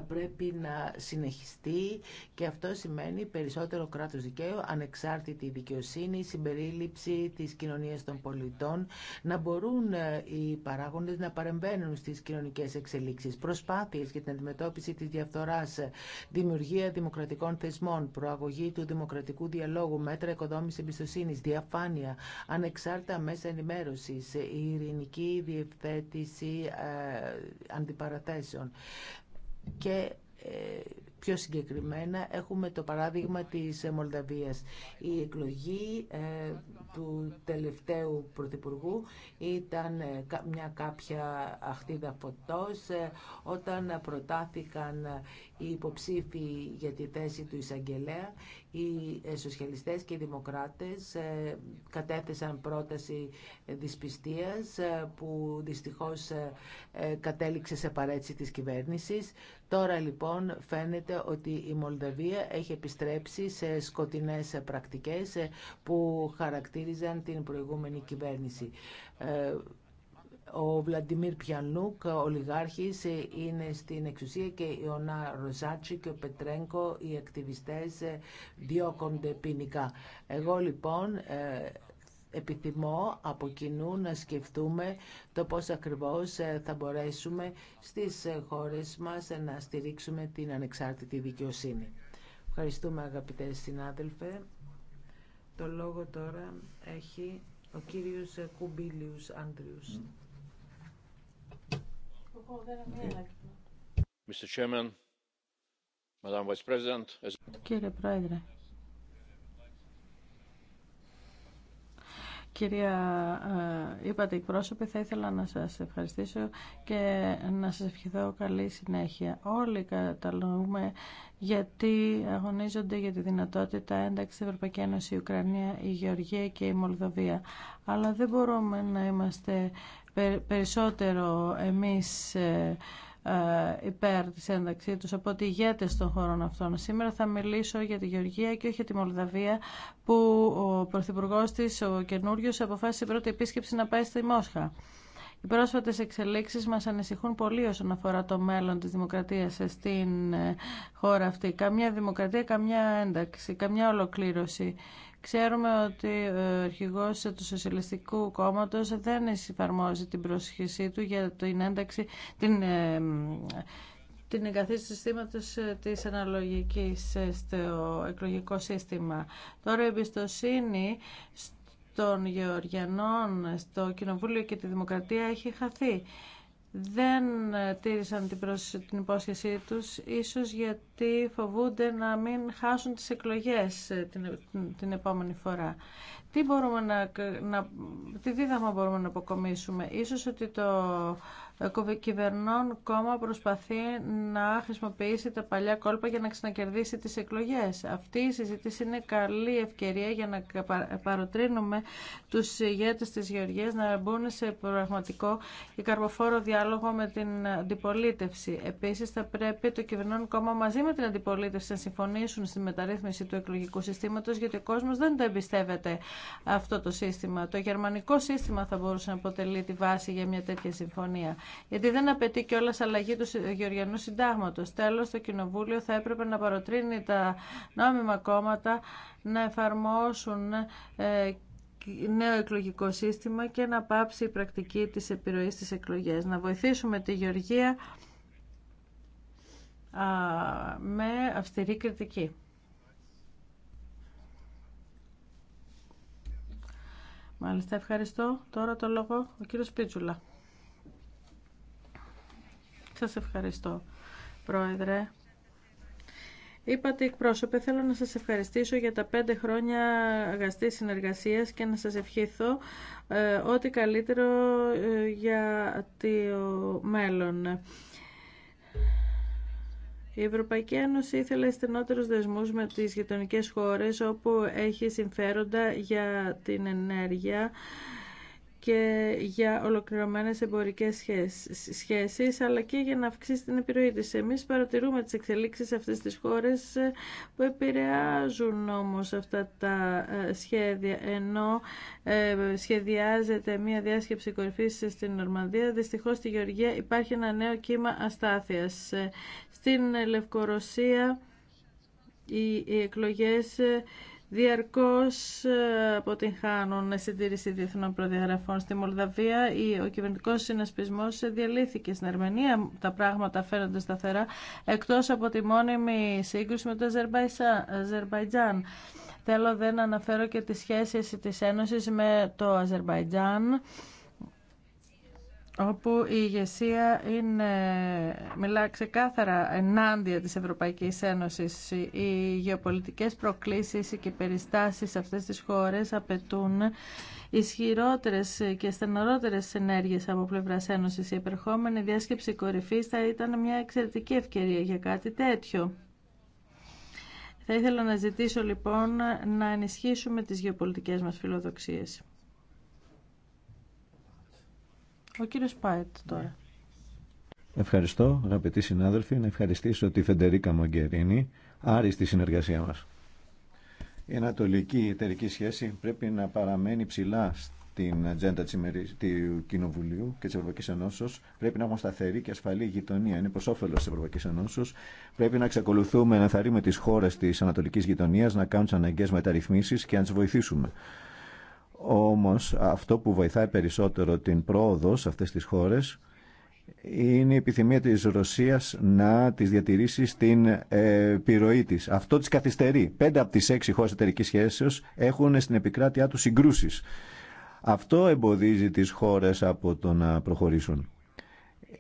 πρέπει να συνεχιστεί και αυτό σημαίνει περισσότερο κράτος δικαίου, ανεξάρτητη δικαιοσύνη, συμπερίληψη της κοινωνίας των πολιτών, να μπορούν ε, οι παράγοντες να παρεμβαίνουν στις κοινωνικές εξελίξεις, προσπάθειες για την αντιμετώπιση της διαφθοράς, δημιουργία δημοκρατικών θεσμών, προαγωγή του δημοκρατικού διαλόγου, μέτρα οικοδόμησης εμπιστοσύνη, διαφάνεια, ανεξάρτητα μέσα ενημέρωσης, ειρηνική διευθέτηση ε, αντιπαραθέσεων και ε, πιο συγκεκριμένα έχουμε το παράδειγμα της ε, Μολδαβίας. Η εκλογή ε, του τελευταίου πρωθυπουργού ήταν μια κάποια αχτίδα φωτός όταν προτάθηκαν οι υποψήφοι για τη θέση του εισαγγελέα οι ε, σοσιαλιστές και οι δημοκράτες ε, κατέθεσαν πρόταση δυσπιστίας ε, που δυστυχώς κατέληξε σε παρέτηση της κυβέρνησης. Τώρα λοιπόν φαίνεται ότι η Μολδαβία έχει επιστρέψει σε σκοτεινές πρακτικές που χαρακτήριζαν την προηγούμενη κυβέρνηση. Ο Βλαντιμίρ Πιανούκ, ο ολιγάρχης, είναι στην εξουσία και η Ωνά Ροζάτσι και ο Πετρέγκο, οι ακτιβιστές, διώκονται ποινικά. Εγώ λοιπόν ε, επιθυμώ από κοινού να σκεφτούμε το πώς ακριβώς ε, θα μπορέσουμε στις ε, χώρες μας να στηρίξουμε την ανεξάρτητη δικαιοσύνη. Ευχαριστούμε αγαπητές συνάδελφε. Το λόγο τώρα έχει ο κύριος Κουμπίλιους Άντριους. Κύριε Πρόεδρε, Κυρία ε, είπατε πρόσωπη θα ήθελα να σας ευχαριστήσω και να σας ευχηθώ καλή συνέχεια. Όλοι κατανοούμε γιατί αγωνίζονται για τη δυνατότητα ένταξη Ευρωπαϊκή Ένωση, η Ουκρανία, η Γεωργία και η Μολδοβία. Αλλά δεν μπορούμε να είμαστε περισσότερο εμείς ε, ε, υπέρ της ένταξή τους από ότι ηγέτες των χωρών αυτών. Σήμερα θα μιλήσω για τη Γεωργία και όχι για τη Μολδαβία που ο Πρωθυπουργό της, ο καινούριο αποφάσισε πρώτη επίσκεψη να πάει στη Μόσχα. Οι πρόσφατε εξελίξει μα ανησυχούν πολύ όσον αφορά το μέλλον τη δημοκρατία στην ε, χώρα αυτή. Καμιά δημοκρατία, καμιά ένταξη, καμιά ολοκλήρωση. Ξέρουμε ότι ε, ο αρχηγό του Σοσιαλιστικού Κόμματο δεν εφαρμόζει την πρόσχεσή του για την ένταξη, την, ε, την του συστήματος ε, της αναλογικής στο εκλογικό σύστημα. Τώρα η εμπιστοσύνη των Γεωργιανών στο Κοινοβούλιο και τη Δημοκρατία έχει χαθεί δεν ε, τήρησαν την, την υπόσχεσή τους, ίσως γιατί φοβούνται να μην χάσουν τις εκλογές ε, την, ε, την επόμενη φορά. Τι, μπορούμε να... να... τι δίδαγμα μπορούμε να αποκομίσουμε. Ίσως ότι το κυβερνών κόμμα προσπαθεί να χρησιμοποιήσει τα παλιά κόλπα για να ξανακερδίσει τις εκλογές. Αυτή η συζήτηση είναι καλή ευκαιρία για να παροτρύνουμε τους ηγέτες της Γεωργίας να μπουν σε πραγματικό και καρποφόρο διάλογο με την αντιπολίτευση. Επίσης θα πρέπει το κυβερνών κόμμα μαζί με την αντιπολίτευση να συμφωνήσουν στη μεταρρύθμιση του εκλογικού συστήματος γιατί ο κόσμος δεν το εμπιστεύεται αυτό το σύστημα. Το γερμανικό σύστημα θα μπορούσε να αποτελεί τη βάση για μια τέτοια συμφωνία γιατί δεν απαιτεί κιόλα αλλαγή του Γεωργιανού Συντάγματο. Τέλο, το Κοινοβούλιο θα έπρεπε να παροτρύνει τα νόμιμα κόμματα να εφαρμόσουν ε, νέο εκλογικό σύστημα και να πάψει η πρακτική της επιρροής της εκλογές. Να βοηθήσουμε τη Γεωργία με αυστηρή κριτική. Μάλιστα, ευχαριστώ. Τώρα το λόγο ο κύριος Πίτσουλα. Σας ευχαριστώ, Πρόεδρε. Είπατε εκπρόσωπε, θέλω να σας ευχαριστήσω για τα πέντε χρόνια αγαστής συνεργασίας και να σας ευχηθώ ε, ό,τι καλύτερο ε, για το μέλλον. Η Ευρωπαϊκή Ένωση ήθελε στενότερους δεσμού με τις γειτονικέ χώρες όπου έχει συμφέροντα για την ενέργεια και για ολοκληρωμένες εμπορικές σχέσεις, αλλά και για να αυξήσει την επιρροή της. Εμείς παρατηρούμε τις εξελίξεις αυτές τι χώρες ε, που επηρεάζουν όμως αυτά τα ε, σχέδια, ενώ ε, σχεδιάζεται μια διάσκεψη κορυφής στην Νορμανδία. Δυστυχώς στη Γεωργία υπάρχει ένα νέο κύμα αστάθειας. Στην Λευκορωσία οι εκλογές διαρκώς ε, αποτυγχάνουν συντήρηση διεθνών προδιαγραφών. Στη Μολδαβία ο κυβερνητικός συνασπισμός διαλύθηκε. Στην Αρμενία τα πράγματα φαίνονται σταθερά, εκτός από τη μόνιμη σύγκρουση με το Αζερβαϊτζάν. Θέλω δεν αναφέρω και τις σχέσεις της Ένωσης με το Αζερβαϊτζάν όπου η ηγεσία είναι, μιλά ξεκάθαρα ενάντια της Ευρωπαϊκής Ένωσης. Οι γεωπολιτικές προκλήσεις και περιστάσεις σε αυτές τις χώρες απαιτούν ισχυρότερες και στενορότερες ενέργειες από πλευράς Ένωσης. Η επερχόμενη διάσκεψη κορυφής θα ήταν μια εξαιρετική ευκαιρία για κάτι τέτοιο. Θα ήθελα να ζητήσω λοιπόν να ενισχύσουμε τις γεωπολιτικές μας φιλοδοξίες. Ο κύριος Πάετ τώρα. Ευχαριστώ, αγαπητοί συνάδελφοι, να ευχαριστήσω τη Φεντερίκα Μογκερίνη, άριστη συνεργασία μας. Η ανατολική εταιρική σχέση πρέπει να παραμένει ψηλά στην ατζέντα του Κοινοβουλίου και τη Ευρωπαϊκή Ενώσεω. Πρέπει να έχουμε σταθερή και ασφαλή γειτονία. Είναι προ όφελο τη Ευρωπαϊκή Ενώσεω. Πρέπει να εξακολουθούμε να θαρρύνουμε τι χώρε τη Ανατολική Γειτονία να κάνουν τι αναγκαίε μεταρρυθμίσει και να τι βοηθήσουμε. Όμως αυτό που βοηθάει περισσότερο την πρόοδο σε αυτές τις χώρες είναι η επιθυμία της Ρωσίας να τις διατηρήσει στην ε, επιρροή της. Αυτό τις καθυστερεί. Πέντε από τις έξι χώρες εταιρικής σχέσεως έχουν στην επικράτειά τους συγκρούσεις. Αυτό εμποδίζει τις χώρες από το να προχωρήσουν.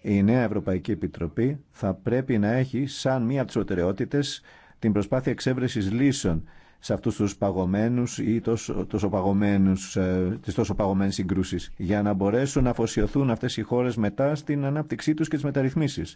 Η νέα Ευρωπαϊκή Επιτροπή θα πρέπει να έχει σαν μία από τις προτεραιότητες την προσπάθεια εξέβρεσης λύσεων σε αυτούς τους παγωμένους ή τόσο, τόσο παγωμένους, ε, τις τόσο παγωμένες συγκρούσεις για να μπορέσουν να αφοσιωθούν αυτές οι χώρες μετά στην ανάπτυξή τους και τις μεταρρυθμίσεις.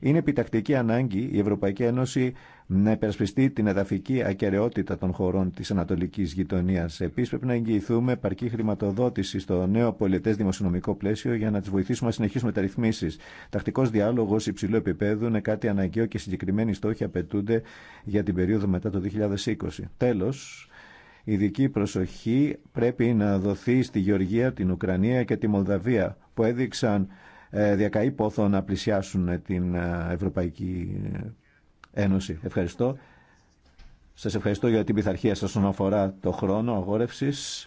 Είναι επιτακτική ανάγκη η Ευρωπαϊκή Ένωση να υπερασπιστεί την εδαφική ακαιρεότητα των χωρών τη Ανατολική Γειτονία. Επίση, πρέπει να εγγυηθούμε επαρκή χρηματοδότηση στο νέο πολιτέ δημοσιονομικό πλαίσιο για να τι βοηθήσουμε να συνεχίσουμε τα ρυθμίσει. Τακτικό διάλογο υψηλού επίπεδου είναι κάτι αναγκαίο και συγκεκριμένοι στόχοι απαιτούνται για την περίοδο μετά το 2020. Τέλο, ειδική προσοχή πρέπει να δοθεί στη Γεωργία, την Ουκρανία και τη Μολδαβία που έδειξαν ε, διακαεί πόθο να πλησιάσουν ε, την ε, Ευρωπαϊκή Ένωση. Ευχαριστώ. Σας ευχαριστώ για την πειθαρχία σας όσον αφορά το χρόνο αγόρευσης.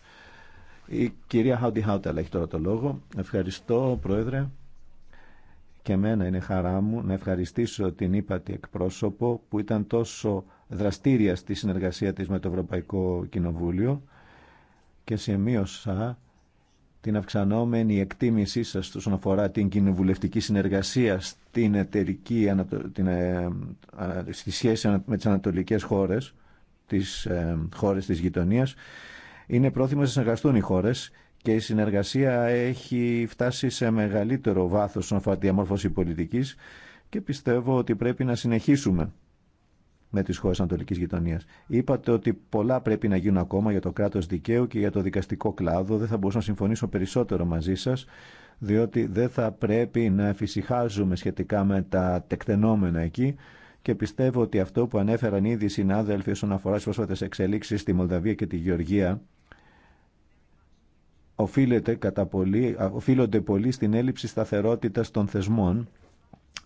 Η κυρία Χάουντι Χάουτελ έχει τώρα το λόγο. Ευχαριστώ, Πρόεδρε. Και εμένα είναι χαρά μου να ευχαριστήσω την ύπατη εκπρόσωπο που ήταν τόσο δραστήρια στη συνεργασία της με το Ευρωπαϊκό Κοινοβούλιο και σημείωσα την αυξανόμενη εκτίμησή σας όσον αφορά την κοινοβουλευτική συνεργασία στην εταιρική, την, ε, στη σχέση με τις ανατολικές χώρες, τις ε, χώρες της γειτονίας. Είναι πρόθυμες να συνεργαστούν οι χώρες και η συνεργασία έχει φτάσει σε μεγαλύτερο βάθος όσον αφορά τη διαμόρφωση πολιτικής και πιστεύω ότι πρέπει να συνεχίσουμε με τι χώρε Ανατολική Γειτονία. Είπατε ότι πολλά πρέπει να γίνουν ακόμα για το κράτος δικαίου και για το δικαστικό κλάδο. Δεν θα μπορούσα να συμφωνήσω περισσότερο μαζί σας, διότι δεν θα πρέπει να εφησυχάζουμε σχετικά με τα τεκτενόμενα εκεί και πιστεύω ότι αυτό που ανέφεραν ήδη οι συνάδελφοι όσον αφορά τι πρόσφατε εξελίξει στη Μολδαβία και τη Γεωργία οφείλονται πολύ στην έλλειψη σταθερότητας των θεσμών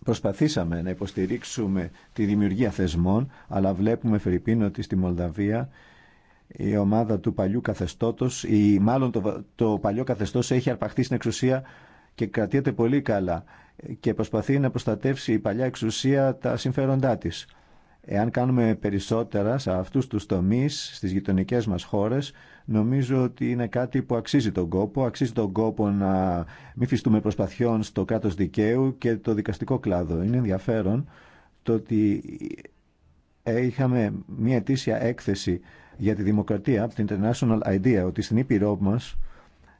Προσπαθήσαμε να υποστηρίξουμε τη δημιουργία θεσμών, αλλά βλέπουμε, Φερρυπίν, ότι στη Μολδαβία η ομάδα του παλιού καθεστώτος, ή μάλλον το, το παλιό καθεστώς έχει αρπαχθει στην εξουσία και κρατειται πολύ καλά και προσπαθεί να προστατεύσει η παλιά εξουσία τα συμφέροντά της. Εάν κάνουμε περισσότερα σε αυτούς τους τομείς στις γειτονικές μας χώρες, νομίζω ότι είναι κάτι που αξίζει τον κόπο. Αξίζει τον κόπο να μην φυστούμε προσπαθειών στο κράτος δικαίου και το δικαστικό κλάδο. Είναι ενδιαφέρον το ότι είχαμε μια αιτήσια έκθεση για τη δημοκρατία από την International Idea, ότι στην Ήπειρό μας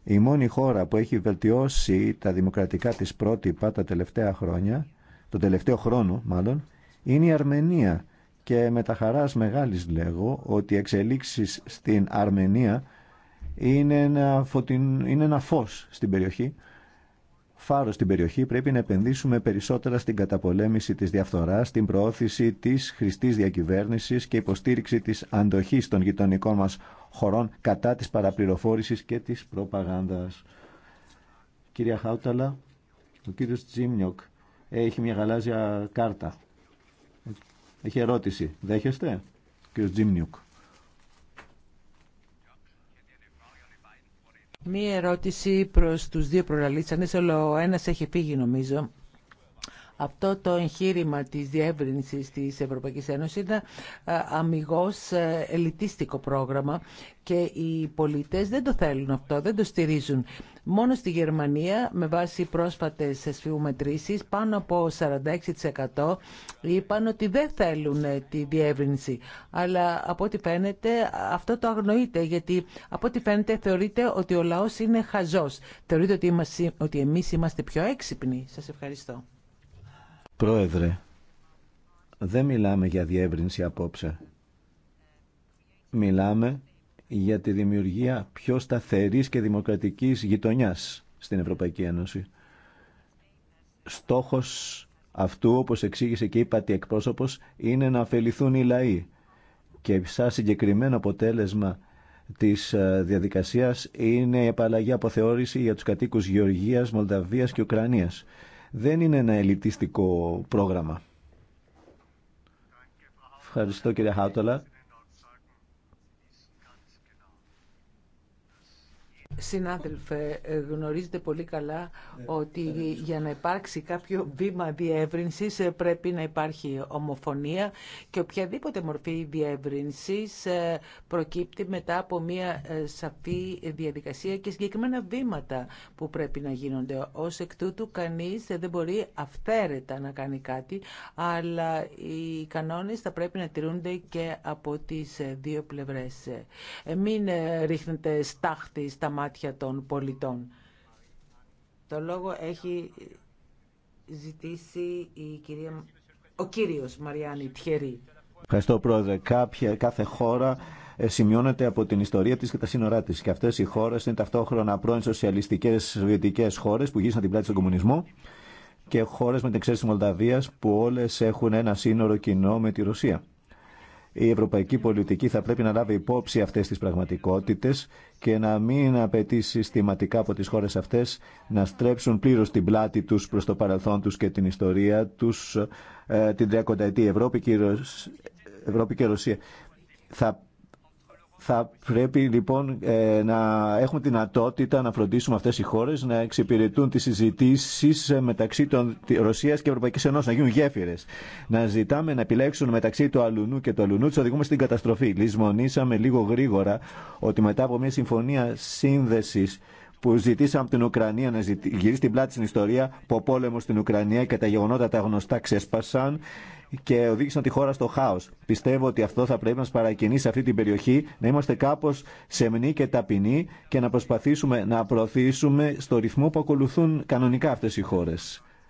η μόνη χώρα που έχει βελτιώσει τα δημοκρατικά της πρότυπα τα τελευταία χρόνια, τον τελευταίο χρόνο μάλλον, είναι η Αρμενία και με τα χαράς μεγάλης λέγω ότι οι εξελίξεις στην Αρμενία είναι ένα, φωτιν... είναι ένα φως στην περιοχή Φάρος στην περιοχή πρέπει να επενδύσουμε περισσότερα στην καταπολέμηση της διαφθοράς, στην προώθηση της χρηστής διακυβέρνησης και υποστήριξη της αντοχής των γειτονικών μας χωρών κατά της παραπληροφόρησης και της προπαγάνδας. Κυρία Χάουταλα, ο κύριος Τζίμνιοκ έχει μια γαλάζια κάρτα. Έχει ερώτηση. Δέχεστε, κύριο Τζιμνιουκ. Μία ερώτηση προς τους δύο προλαλήσανες, αλλά ο ένας έχει φύγει νομίζω. Αυτό το εγχείρημα της διεύρυνσης της Ευρωπαϊκής Ένωσης ήταν ε, αμυγός ε, ελιτίστικο πρόγραμμα και οι πολίτες δεν το θέλουν αυτό, δεν το στηρίζουν. Μόνο στη Γερμανία, με βάση πρόσφατες σφιουμετρήσεις, πάνω από 46% είπαν ότι δεν θέλουν ε, τη διεύρυνση. Αλλά από ό,τι φαίνεται αυτό το αγνοείται, γιατί από ό,τι φαίνεται θεωρείται ότι ο λαός είναι χαζός. Θεωρείται ότι, είμαστε, ότι εμείς είμαστε πιο έξυπνοι. Σας ευχαριστώ. Πρόεδρε, δεν μιλάμε για διεύρυνση απόψε. Μιλάμε για τη δημιουργία πιο σταθερής και δημοκρατικής γειτονιάς στην Ευρωπαϊκή Ένωση. Στόχος αυτού, όπως εξήγησε και η Πατή Εκπρόσωπος, είναι να αφεληθούν οι λαοί. Και σαν συγκεκριμένο αποτέλεσμα της ε, διαδικασίας είναι η επαλλαγή αποθεώρηση για τους κατοίκους Γεωργίας, Μολδαβίας και Ουκρανίας δεν είναι ένα ελιτίστικο πρόγραμμα. Ευχαριστώ κύριε Χάτολα. Συνάδελφε, ε, γνωρίζετε πολύ καλά ναι, ότι ναι, ναι. για να υπάρξει κάποιο βήμα διεύρυνσης ε, πρέπει να υπάρχει ομοφωνία και οποιαδήποτε μορφή διεύρυνσης ε, προκύπτει μετά από μια σαφή διαδικασία και συγκεκριμένα βήματα που πρέπει να γίνονται. Ως εκ τούτου κανείς δεν μπορεί αυθαίρετα να κάνει κάτι, αλλά οι κανόνες θα πρέπει να τηρούνται και από τις δύο πλευρές. Μην ρίχνετε στάχτη στα μάτια μάτια των πολιτών. Το λόγο έχει ζητήσει η κυρία... ο κύριος Μαριάννη Τιερή. Ευχαριστώ πρόεδρε. Κάποια, κάθε χώρα ε, σημειώνεται από την ιστορία της και τα σύνορά της. Και αυτές οι χώρες είναι ταυτόχρονα πρώην σοσιαλιστικές σοβιετικές χώρες που γύρισαν την πλάτη στον κομμουνισμό και χώρες με την εξαίρεση της Μολδαβίας που όλες έχουν ένα σύνορο κοινό με τη Ρωσία. Η ευρωπαϊκή πολιτική θα πρέπει να λάβει υπόψη αυτές τις πραγματικότητες και να μην απαιτεί συστηματικά από τις χώρες αυτές να στρέψουν πλήρως την πλάτη τους προς το παρελθόν τους και την ιστορία τους ε, την τριακονταετή Ευρώπη και, Ευρώπη Ρωσία. Θα θα πρέπει λοιπόν ε, να έχουμε δυνατότητα να φροντίσουμε αυτές οι χώρες να εξυπηρετούν τις συζητήσει ε, μεταξύ των Ρωσίας και Ευρωπαϊκής Ενώσης, να γίνουν γέφυρες. Να ζητάμε να επιλέξουν μεταξύ του αλουνού και του αλουνού, τους οδηγούμε στην καταστροφή. Λυσμονήσαμε λίγο γρήγορα ότι μετά από μια συμφωνία σύνδεση που ζητήσαμε από την Ουκρανία να γυρίσει την πλάτη στην ιστορία, που ο πόλεμος στην Ουκρανία και τα γεγονότα τα γνωστά ξέσπασαν και οδήγησαν τη χώρα στο χάο. Πιστεύω ότι αυτό θα πρέπει να μα παρακινεί σε αυτή την περιοχή να είμαστε κάπω σεμνοί και ταπεινοί και να προσπαθήσουμε να προωθήσουμε στο ρυθμό που ακολουθούν κανονικά αυτέ οι χώρε.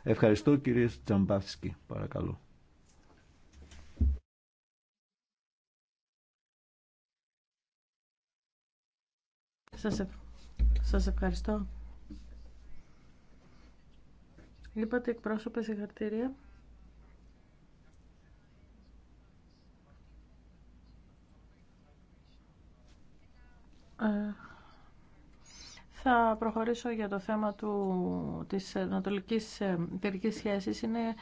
Ευχαριστώ κύριε Τζαμπάφσκι, παρακαλώ. Σας, ευ... Σας ευχαριστώ. Είπατε εκπρόσωπε συγχαρητήρια. Ε, θα προχωρήσω για το θέμα του, της ε, ανατολικής ε, εταιρικής σχέσης. Είναι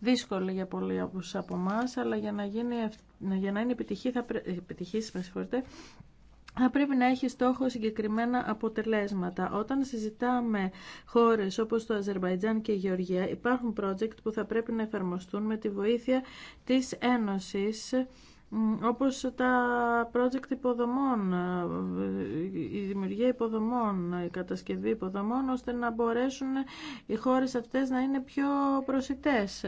δύσκολο για πολλούς από εμά, αλλά για να, γίνει, για να είναι επιτυχή, θα, επιτυχής, θα πρέπει να έχει στόχο συγκεκριμένα αποτελέσματα. Όταν συζητάμε χώρες όπως το Αζερβαϊτζάν και η Γεωργία, υπάρχουν project που θα πρέπει να εφαρμοστούν με τη βοήθεια της Ένωσης όπως τα project υποδομών, ε, η δημιουργία υποδομών, η κατασκευή υποδομών, ώστε να μπορέσουν οι χώρες αυτές να είναι πιο προσιτές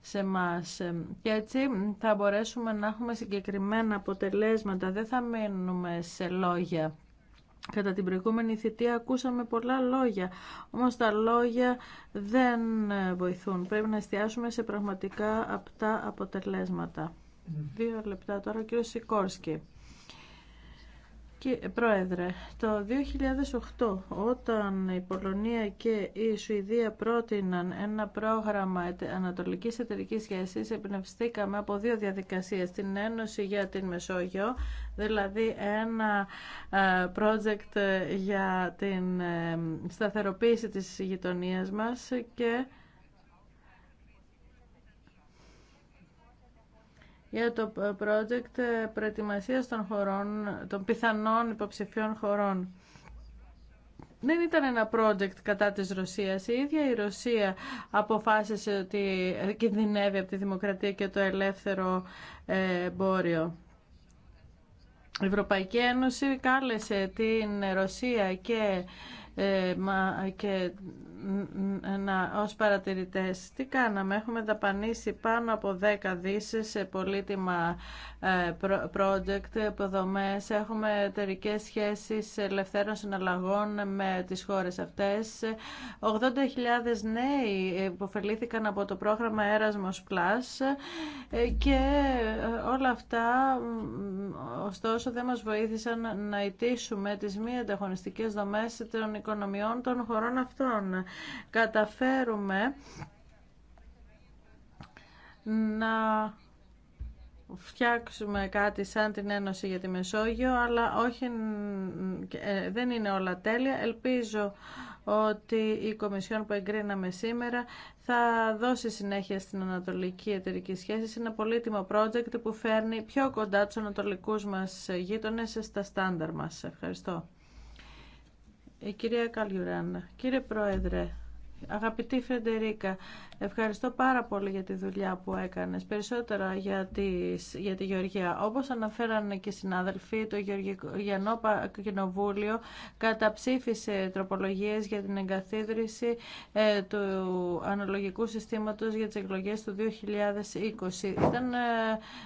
σε μας. Και έτσι θα μπορέσουμε να έχουμε συγκεκριμένα αποτελέσματα, δεν θα μείνουμε σε λόγια. Κατά την προηγούμενη θητεία ακούσαμε πολλά λόγια, όμως τα λόγια δεν ε, βοηθούν. Πρέπει να εστιάσουμε σε πραγματικά απτά αποτελέσματα. Δύο λεπτά τώρα ο Σικώρσκι. Σικόρσκι. Και, πρόεδρε, το 2008 όταν η Πολωνία και η Σουηδία πρότειναν ένα πρόγραμμα ανατολικής εταιρικής σχέσης εμπνευστήκαμε από δύο διαδικασίες. Την Ένωση για την Μεσόγειο, δηλαδή ένα ε, project για την ε, σταθεροποίηση της γειτονίας μας και για το project προετοιμασίας των, χωρών, των πιθανών υποψηφίων χωρών. Δεν ήταν ένα project κατά της Ρωσίας. Η ίδια η Ρωσία αποφάσισε ότι κινδυνεύει από τη δημοκρατία και το ελεύθερο ε, εμπόριο. Η Ευρωπαϊκή Ένωση κάλεσε την Ρωσία και ε, και να, ως παρατηρητές τι κάναμε, έχουμε δαπανίσει πάνω από 10 δίσεις σε πολύτιμα ε, project, υποδομές, έχουμε εταιρικέ σχέσεις ελευθέρων συναλλαγών με τις χώρες αυτές. 80.000 νέοι υποφελήθηκαν από το πρόγραμμα Erasmus Plus ε, και όλα αυτά ωστόσο δεν μας βοήθησαν να ιτήσουμε τις μη ανταγωνιστικές δομές των οικονομιών των χωρών αυτών. Καταφέρουμε να φτιάξουμε κάτι σαν την Ένωση για τη Μεσόγειο, αλλά όχι, ε, δεν είναι όλα τέλεια. Ελπίζω ότι η Κομισιόν που εγκρίναμε σήμερα θα δώσει συνέχεια στην Ανατολική Εταιρική Σχέση. Είναι ένα πολύτιμο project που φέρνει πιο κοντά τους ανατολικούς μας γείτονες στα στάνταρ μας. Ευχαριστώ. Η ε, κυρία Καλιουράνα, Κύριε Πρόεδρε, Αγαπητή Φρεντερίκα, ευχαριστώ πάρα πολύ για τη δουλειά που έκανες, περισσότερα για, για τη Γεωργία. Όπως αναφέρανε και οι συνάδελφοι, το Γεωργιανό Κοινοβούλιο καταψήφισε τροπολογίες για την εγκαθίδρυση ε, του αναλογικού συστήματος για τις εκλογές του 2020. Ήταν ε,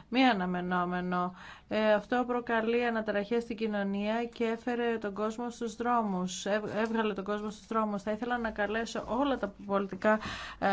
μη αναμενόμενο. Ε, αυτό προκαλεί αναταραχές στην κοινωνία και έφερε τον κόσμο στους δρόμους. Έβγαλε τον κόσμο στους δρόμους. Θα ήθελα να καλέσω όλα τα πολιτικά ε,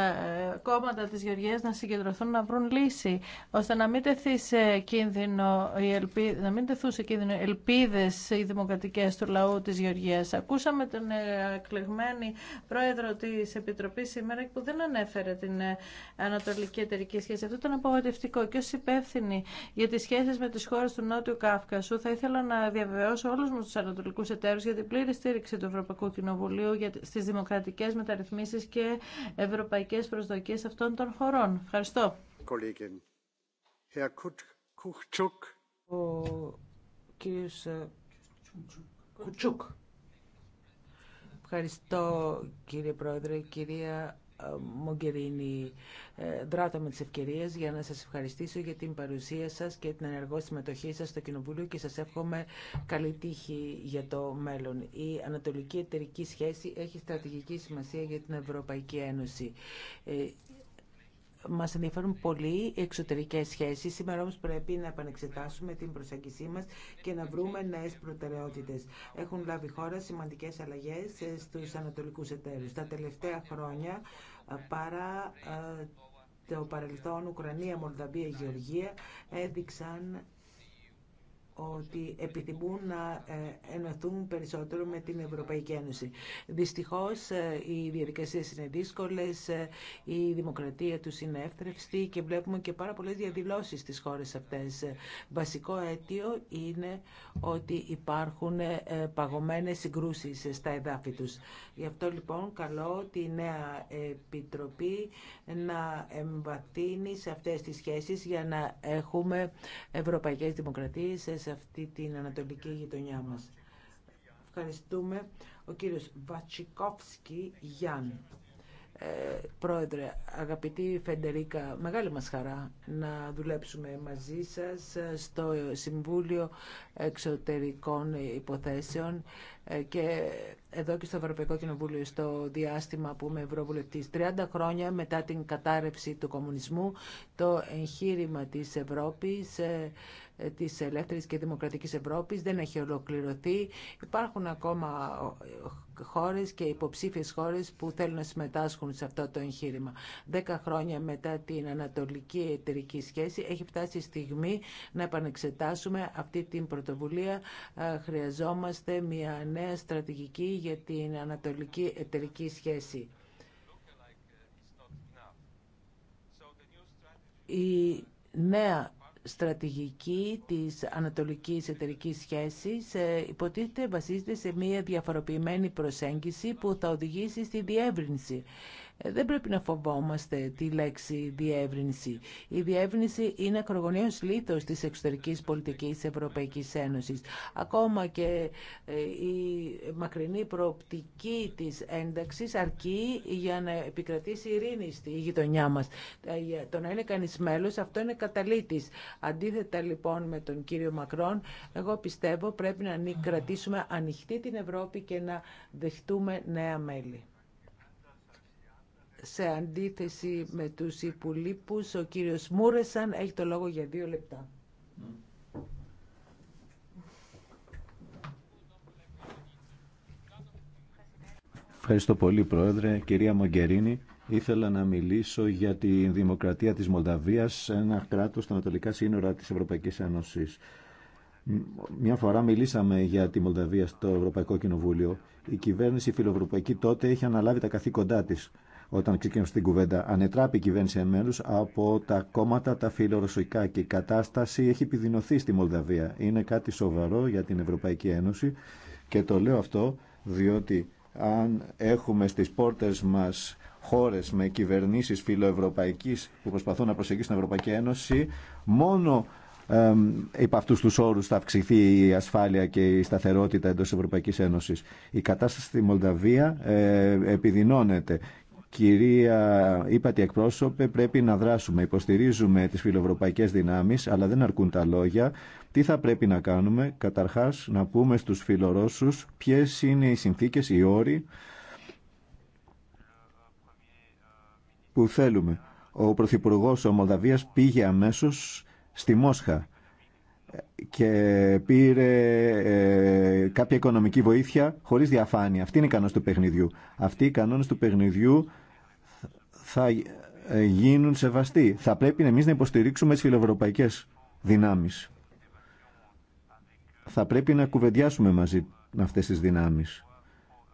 κόμματα της Γεωργίας να συγκεντρωθούν να βρουν λύση, ώστε να μην, τεθεί σε κίνδυνο, η να μην τεθούν σε κίνδυνο οι ελπίδες οι δημοκρατικές του λαού της Γεωργίας. Ακούσαμε τον ε, εκλεγμένη πρόεδρο της Επιτροπής σήμερα που δεν ανέφερε την ε, ανατολική εταιρική σχέση. Αυτό ήταν απογοητευτικό και ως υπεύθυνη για τις σχέσεις με τις χώρες του Νότιου Κάφκασου θα ήθελα να διαβεβαιώσω όλους μου τους ανατολικούς εταίρους για την πλήρη στήριξη του Ευρωπαϊκού Κοινοβουλίου για δημοκρατικές μεταρρυθμίσεις ρυθμίσεις και ευρωπαϊκές προσδοκίες αυτών των χωρών. Ευχαριστώ. Ο κύριος ε, Κουτσούκ. Ευχαριστώ κύριε Πρόεδρε, κυρία Μογκερίνη. Ε, δράτω με τις ευκαιρίες για να σας ευχαριστήσω για την παρουσία σας και την ενεργό συμμετοχή σας στο Κοινοβούλιο και σας εύχομαι καλή τύχη για το μέλλον. Η Ανατολική Εταιρική Σχέση έχει στρατηγική σημασία για την Ευρωπαϊκή Ένωση. Ε, Μα ενδιαφέρουν πολύ οι εξωτερικές σχέσεις. Σήμερα όμω πρέπει να επανεξετάσουμε την προσέγγισή μα και να βρούμε νέε προτεραιότητε. Έχουν λάβει χώρα σημαντικέ αλλαγέ στου ανατολικού εταίρους. Τα τελευταία χρόνια παρά το παρελθόν Ουκρανία, Μολδαβία, Γεωργία έδειξαν ότι επιθυμούν να ε, ενωθούν περισσότερο με την Ευρωπαϊκή Ένωση. Δυστυχώς ε, οι διαδικασίες είναι δύσκολες, ε, η δημοκρατία του είναι εύθρευστη και βλέπουμε και πάρα πολλές διαδηλώσεις στις χώρες αυτές. Βασικό αίτιο είναι ότι υπάρχουν παγωμένες συγκρούσεις στα εδάφη τους. Γι' αυτό λοιπόν καλό τη νέα Επιτροπή να εμβαθύνει σε αυτές τις σχέσεις για να έχουμε ευρωπαϊκές δημοκρατίες σε αυτή την ανατολική γειτονιά μας. Ευχαριστούμε ο κύριος Βατσικόφσκι Γιάννη. Ε, πρόεδρε, αγαπητή Φεντερίκα, μεγάλη μας χαρά να δουλέψουμε μαζί σας ε, στο Συμβούλιο Εξωτερικών Υποθέσεων. Ε, και εδώ και στο Ευρωπαϊκό Κοινοβούλιο στο διάστημα που είμαι Ευρωβουλευτής 30 χρόνια μετά την κατάρρευση του κομμουνισμού το εγχείρημα της Ευρώπης ε, της ελεύθερης και δημοκρατικής Ευρώπης δεν έχει ολοκληρωθεί. Υπάρχουν ακόμα χώρες και υποψήφιες χώρες που θέλουν να συμμετάσχουν σε αυτό το εγχείρημα. Δέκα χρόνια μετά την ανατολική εταιρική σχέση έχει φτάσει η στιγμή να επανεξετάσουμε αυτή την πρωτοβουλία. Ε, χρειαζόμαστε μια νέα στρατηγική για την ανατολική εταιρική σχέση. Η νέα στρατηγική της ανατολικής εταιρικής σχέσης ε, υποτίθεται βασίζεται σε μια διαφοροποιημένη προσέγγιση που θα οδηγήσει στη διεύρυνση ε, δεν πρέπει να φοβόμαστε τη λέξη διεύρυνση. Η διεύρυνση είναι ακρογωνίως λίθος της εξωτερικής πολιτικής της Ευρωπαϊκής Ένωσης. Ακόμα και ε, η μακρινή προοπτική της ένταξης αρκεί για να επικρατήσει ειρήνη στη γειτονιά μας. Ε, το να είναι κανείς μέλος, αυτό είναι καταλήτης. Αντίθετα λοιπόν με τον κύριο Μακρόν, εγώ πιστεύω πρέπει να κρατήσουμε ανοιχτή την Ευρώπη και να δεχτούμε νέα μέλη σε αντίθεση με τους υπουλήπους, ο κύριος Μούρεσαν έχει το λόγο για δύο λεπτά. Ευχαριστώ πολύ, Πρόεδρε. Κυρία Μογκερίνη, ήθελα να μιλήσω για τη δημοκρατία της Μολδαβίας, ένα κράτος στα ανατολικά σύνορα της Ευρωπαϊκής Ένωσης. Μια φορά μιλήσαμε για τη Μολδαβία στο Ευρωπαϊκό Κοινοβούλιο. Η κυβέρνηση φιλοευρωπαϊκή τότε έχει αναλάβει τα καθήκοντά της όταν ξεκίνησε την κουβέντα. Ανετράπη η κυβέρνηση μέρου από τα κόμματα τα φιλορωσικά και η κατάσταση έχει επιδεινωθεί στη Μολδαβία. Είναι κάτι σοβαρό για την Ευρωπαϊκή Ένωση και το λέω αυτό διότι αν έχουμε στις πόρτες μας χώρες με κυβερνήσεις φιλοευρωπαϊκής που προσπαθούν να προσεγγίσουν την Ευρωπαϊκή Ένωση, μόνο ε, υπ' αυτού του όρου θα αυξηθεί η ασφάλεια και η σταθερότητα εντό Ευρωπαϊκή Ένωση. Η κατάσταση στη Μολδαβία ε, επιδεινώνεται Κυρία είπατε εκπρόσωπε, πρέπει να δράσουμε. Υποστηρίζουμε τις φιλοευρωπαϊκές δυνάμεις, αλλά δεν αρκούν τα λόγια. Τι θα πρέπει να κάνουμε, καταρχάς να πούμε στους φιλορώσους ποιες είναι οι συνθήκες, οι όροι που θέλουμε. Ο Πρωθυπουργός ο Μολδαβίας πήγε αμέσως στη Μόσχα και πήρε ε, κάποια οικονομική βοήθεια χωρίς διαφάνεια. Αυτή είναι η κανόνες του παιχνιδιού. Αυτοί οι κανόνες του παιχνιδιού θα ε, γίνουν σεβαστοί. Θα πρέπει εμείς να υποστηρίξουμε τις φιλοευρωπαϊκές δυνάμεις. Θα πρέπει να κουβεντιάσουμε μαζί με αυτές τις δυνάμεις.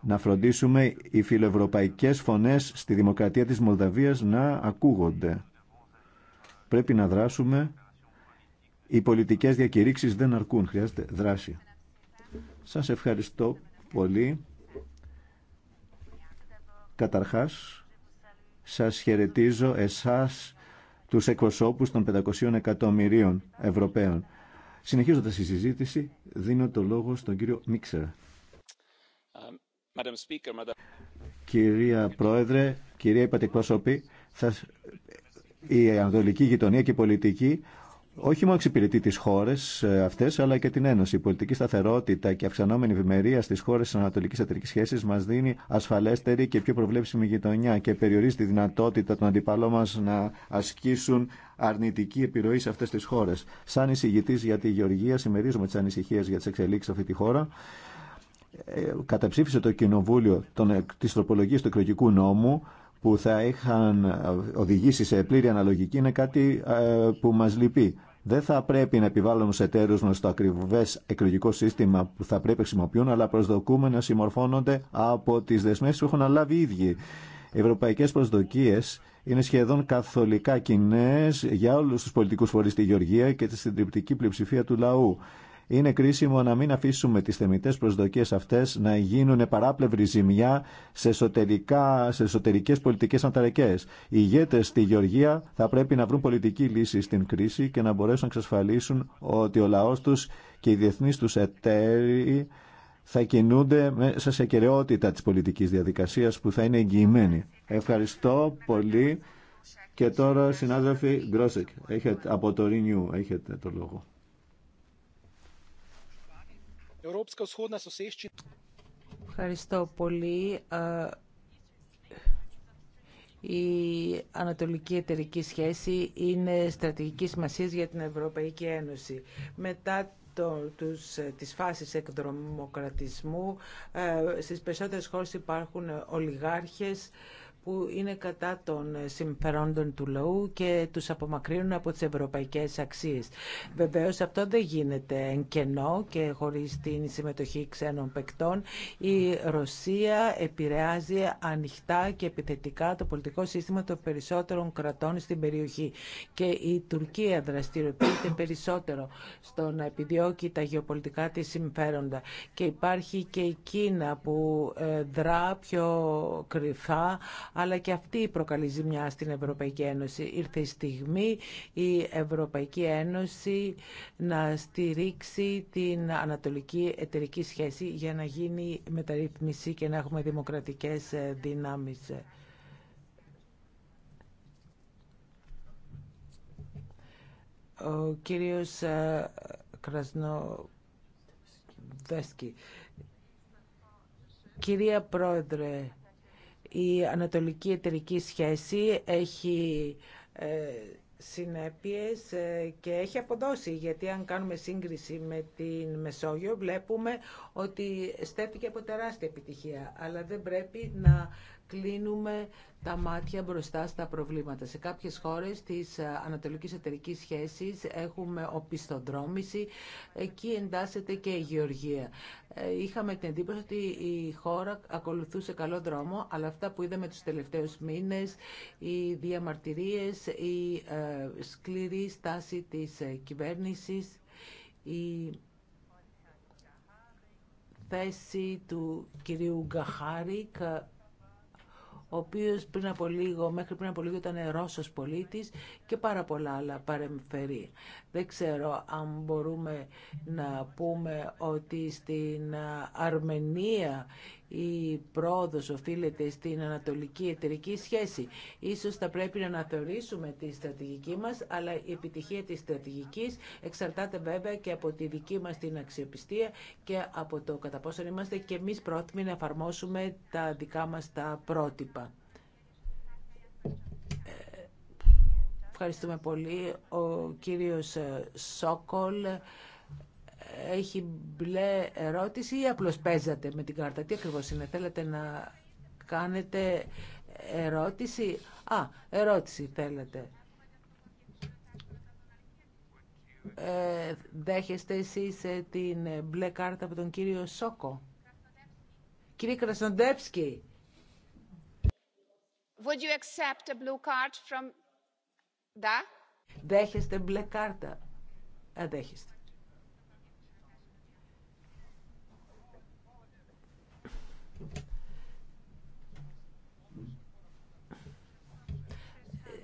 Να φροντίσουμε οι φιλοευρωπαϊκές φωνές στη δημοκρατία της Μολδαβίας να ακούγονται. Πρέπει να δράσουμε οι πολιτικές διακηρύξεις δεν αρκούν, χρειάζεται δράση. Σας ευχαριστώ πολύ. Καταρχάς, σας χαιρετίζω εσάς τους εκπροσώπους των 500 εκατομμυρίων Ευρωπαίων. Συνεχίζοντας τη συζήτηση, δίνω το λόγο στον κύριο Μίξερ. Κυρία Πρόεδρε, κυρία Υπατικπρόσωπη, η ανατολική γειτονία και η πολιτική όχι μόνο εξυπηρετεί τι χώρε αυτέ, αλλά και την Ένωση. Η πολιτική σταθερότητα και αυξανόμενη ευημερία στι χώρε τη Ανατολική Εταιρική Σχέση μα δίνει ασφαλέστερη και πιο προβλέψιμη γειτονιά και περιορίζει τη δυνατότητα των αντιπαλών μα να ασκήσουν αρνητική επιρροή σε αυτέ τι χώρε. Σαν εισηγητή για τη Γεωργία, συμμερίζουμε τι ανησυχίε για τι εξελίξει σε αυτή τη χώρα. Ε, καταψήφισε το Κοινοβούλιο τη τροπολογία του εκλογικού νόμου που θα είχαν οδηγήσει σε πλήρη αναλογική είναι κάτι ε, που μας λυπεί. Δεν θα πρέπει να επιβάλλουμε σε εταίρου μας το ακριβές εκλογικό σύστημα που θα πρέπει να χρησιμοποιούν, αλλά προσδοκούμε να συμμορφώνονται από τις δεσμεύσεις που έχουν αναλάβει οι ίδιοι. Οι ευρωπαϊκέ προσδοκίε είναι σχεδόν καθολικά κοινέ για όλους τους πολιτικούς φορείς στη Γεωργία και τη συντριπτική πλειοψηφία του λαού. Είναι κρίσιμο να μην αφήσουμε τις θεμητές προσδοκίες αυτές να γίνουν παράπλευρη ζημιά σε, εσωτερικά, σε εσωτερικές πολιτικές Οι ηγέτες στη Γεωργία θα πρέπει να βρουν πολιτική λύση στην κρίση και να μπορέσουν να εξασφαλίσουν ότι ο λαός τους και οι διεθνείς τους εταίροι θα κινούνται μέσα σε κεραιότητα της πολιτικής διαδικασίας που θα είναι εγγυημένη. Ευχαριστώ πολύ. Και τώρα, συνάδελφοι, Γκρόσεκ, από το Renew έχετε το λόγο. Ευχαριστώ πολύ. Η ανατολική εταιρική σχέση είναι στρατηγική σημασία για την Ευρωπαϊκή Ένωση. Μετά το, τους, ε, τις φάσεις εκδρομοκρατισμού, ε, στις περισσότερες χώρες υπάρχουν ολιγάρχες, που είναι κατά των συμφερόντων του λαού και τους απομακρύνουν από τις ευρωπαϊκές αξίες. Βεβαίως αυτό δεν γίνεται εν κενό και χωρίς την συμμετοχή ξένων παικτών. Η Ρωσία επηρεάζει ανοιχτά και επιθετικά το πολιτικό σύστημα των περισσότερων κρατών στην περιοχή και η Τουρκία δραστηριοποιείται περισσότερο στο να επιδιώκει τα γεωπολιτικά της συμφέροντα και υπάρχει και η Κίνα που ε, δρά πιο κρυφά αλλά και αυτή προκαλεί ζημιά στην Ευρωπαϊκή Ένωση. Ήρθε η στιγμή η Ευρωπαϊκή Ένωση να στηρίξει την ανατολική εταιρική σχέση για να γίνει μεταρρύθμιση και να έχουμε δημοκρατικές ε, δυνάμεις. Ο κύριος ε, Κρασνοδέσκη. Κυρία Πρόεδρε, η ανατολική εταιρική σχέση έχει ε, συνέπειες ε, και έχει αποδώσει γιατί αν κάνουμε σύγκριση με την Μεσόγειο βλέπουμε ότι στέφτηκε από τεράστια επιτυχία αλλά δεν πρέπει να κλείνουμε τα μάτια μπροστά στα προβλήματα. Σε κάποιες χώρες της ε, ανατολικής εταιρικής σχέσης έχουμε οπισθοδρόμηση, εκεί εντάσσεται και η γεωργία. Ε, είχαμε την εντύπωση ότι η χώρα ακολουθούσε καλό δρόμο, αλλά αυτά που είδαμε τους τελευταίους μήνες, οι διαμαρτυρίες, η ε, σκληρή στάση της κυβέρνησης, η θέση του κυρίου Γκαχάρικ ο οποίο πριν από λίγο, μέχρι πριν από λίγο ήταν Ρώσο πολίτης και πάρα πολλά άλλα παρεμφερεί. Δεν ξέρω αν μπορούμε να πούμε ότι στην Αρμενία η πρόοδος οφείλεται στην ανατολική εταιρική σχέση. Ίσως θα πρέπει να αναθεωρήσουμε τη στρατηγική μας, αλλά η επιτυχία της στρατηγικής εξαρτάται βέβαια και από τη δική μας την αξιοπιστία και από το κατά πόσο είμαστε και εμείς πρόθυμοι να εφαρμόσουμε τα δικά μας τα πρότυπα. Ε, ευχαριστούμε πολύ. Ο κύριος Σόκολ έχει μπλε ερώτηση ή απλώς παίζατε με την κάρτα. Τι ακριβώς είναι, θέλετε να κάνετε ερώτηση. Α, ερώτηση θέλετε. Ε, δέχεστε εσείς ε, την μπλε κάρτα από τον κύριο Σόκο. Κύριε Κρασοντέψκη. Would you accept a blue card from... Da? Δέχεστε μπλε κάρτα. Ε, δέχεστε.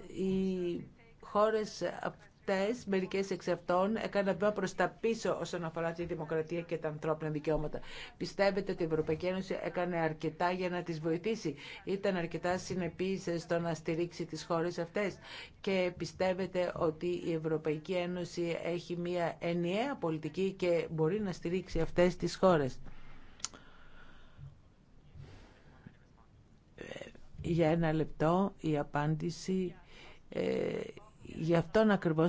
Οι χώρες αυτές, μερικές εξ αυτών, έκαναν βήμα προς τα πίσω όσον αφορά τη δημοκρατία και τα ανθρώπινα δικαιώματα. Πιστεύετε ότι η Ευρωπαϊκή Ένωση έκανε αρκετά για να τις βοηθήσει. Ήταν αρκετά συνεπής στο να στηρίξει τις χώρες αυτές. Και πιστεύετε ότι η Ευρωπαϊκή Ένωση έχει μια ενιαία πολιτική και μπορεί να στηρίξει αυτές τις χώρες. Για ένα λεπτό η απάντηση. Ε, γι' αυτόν ακριβώ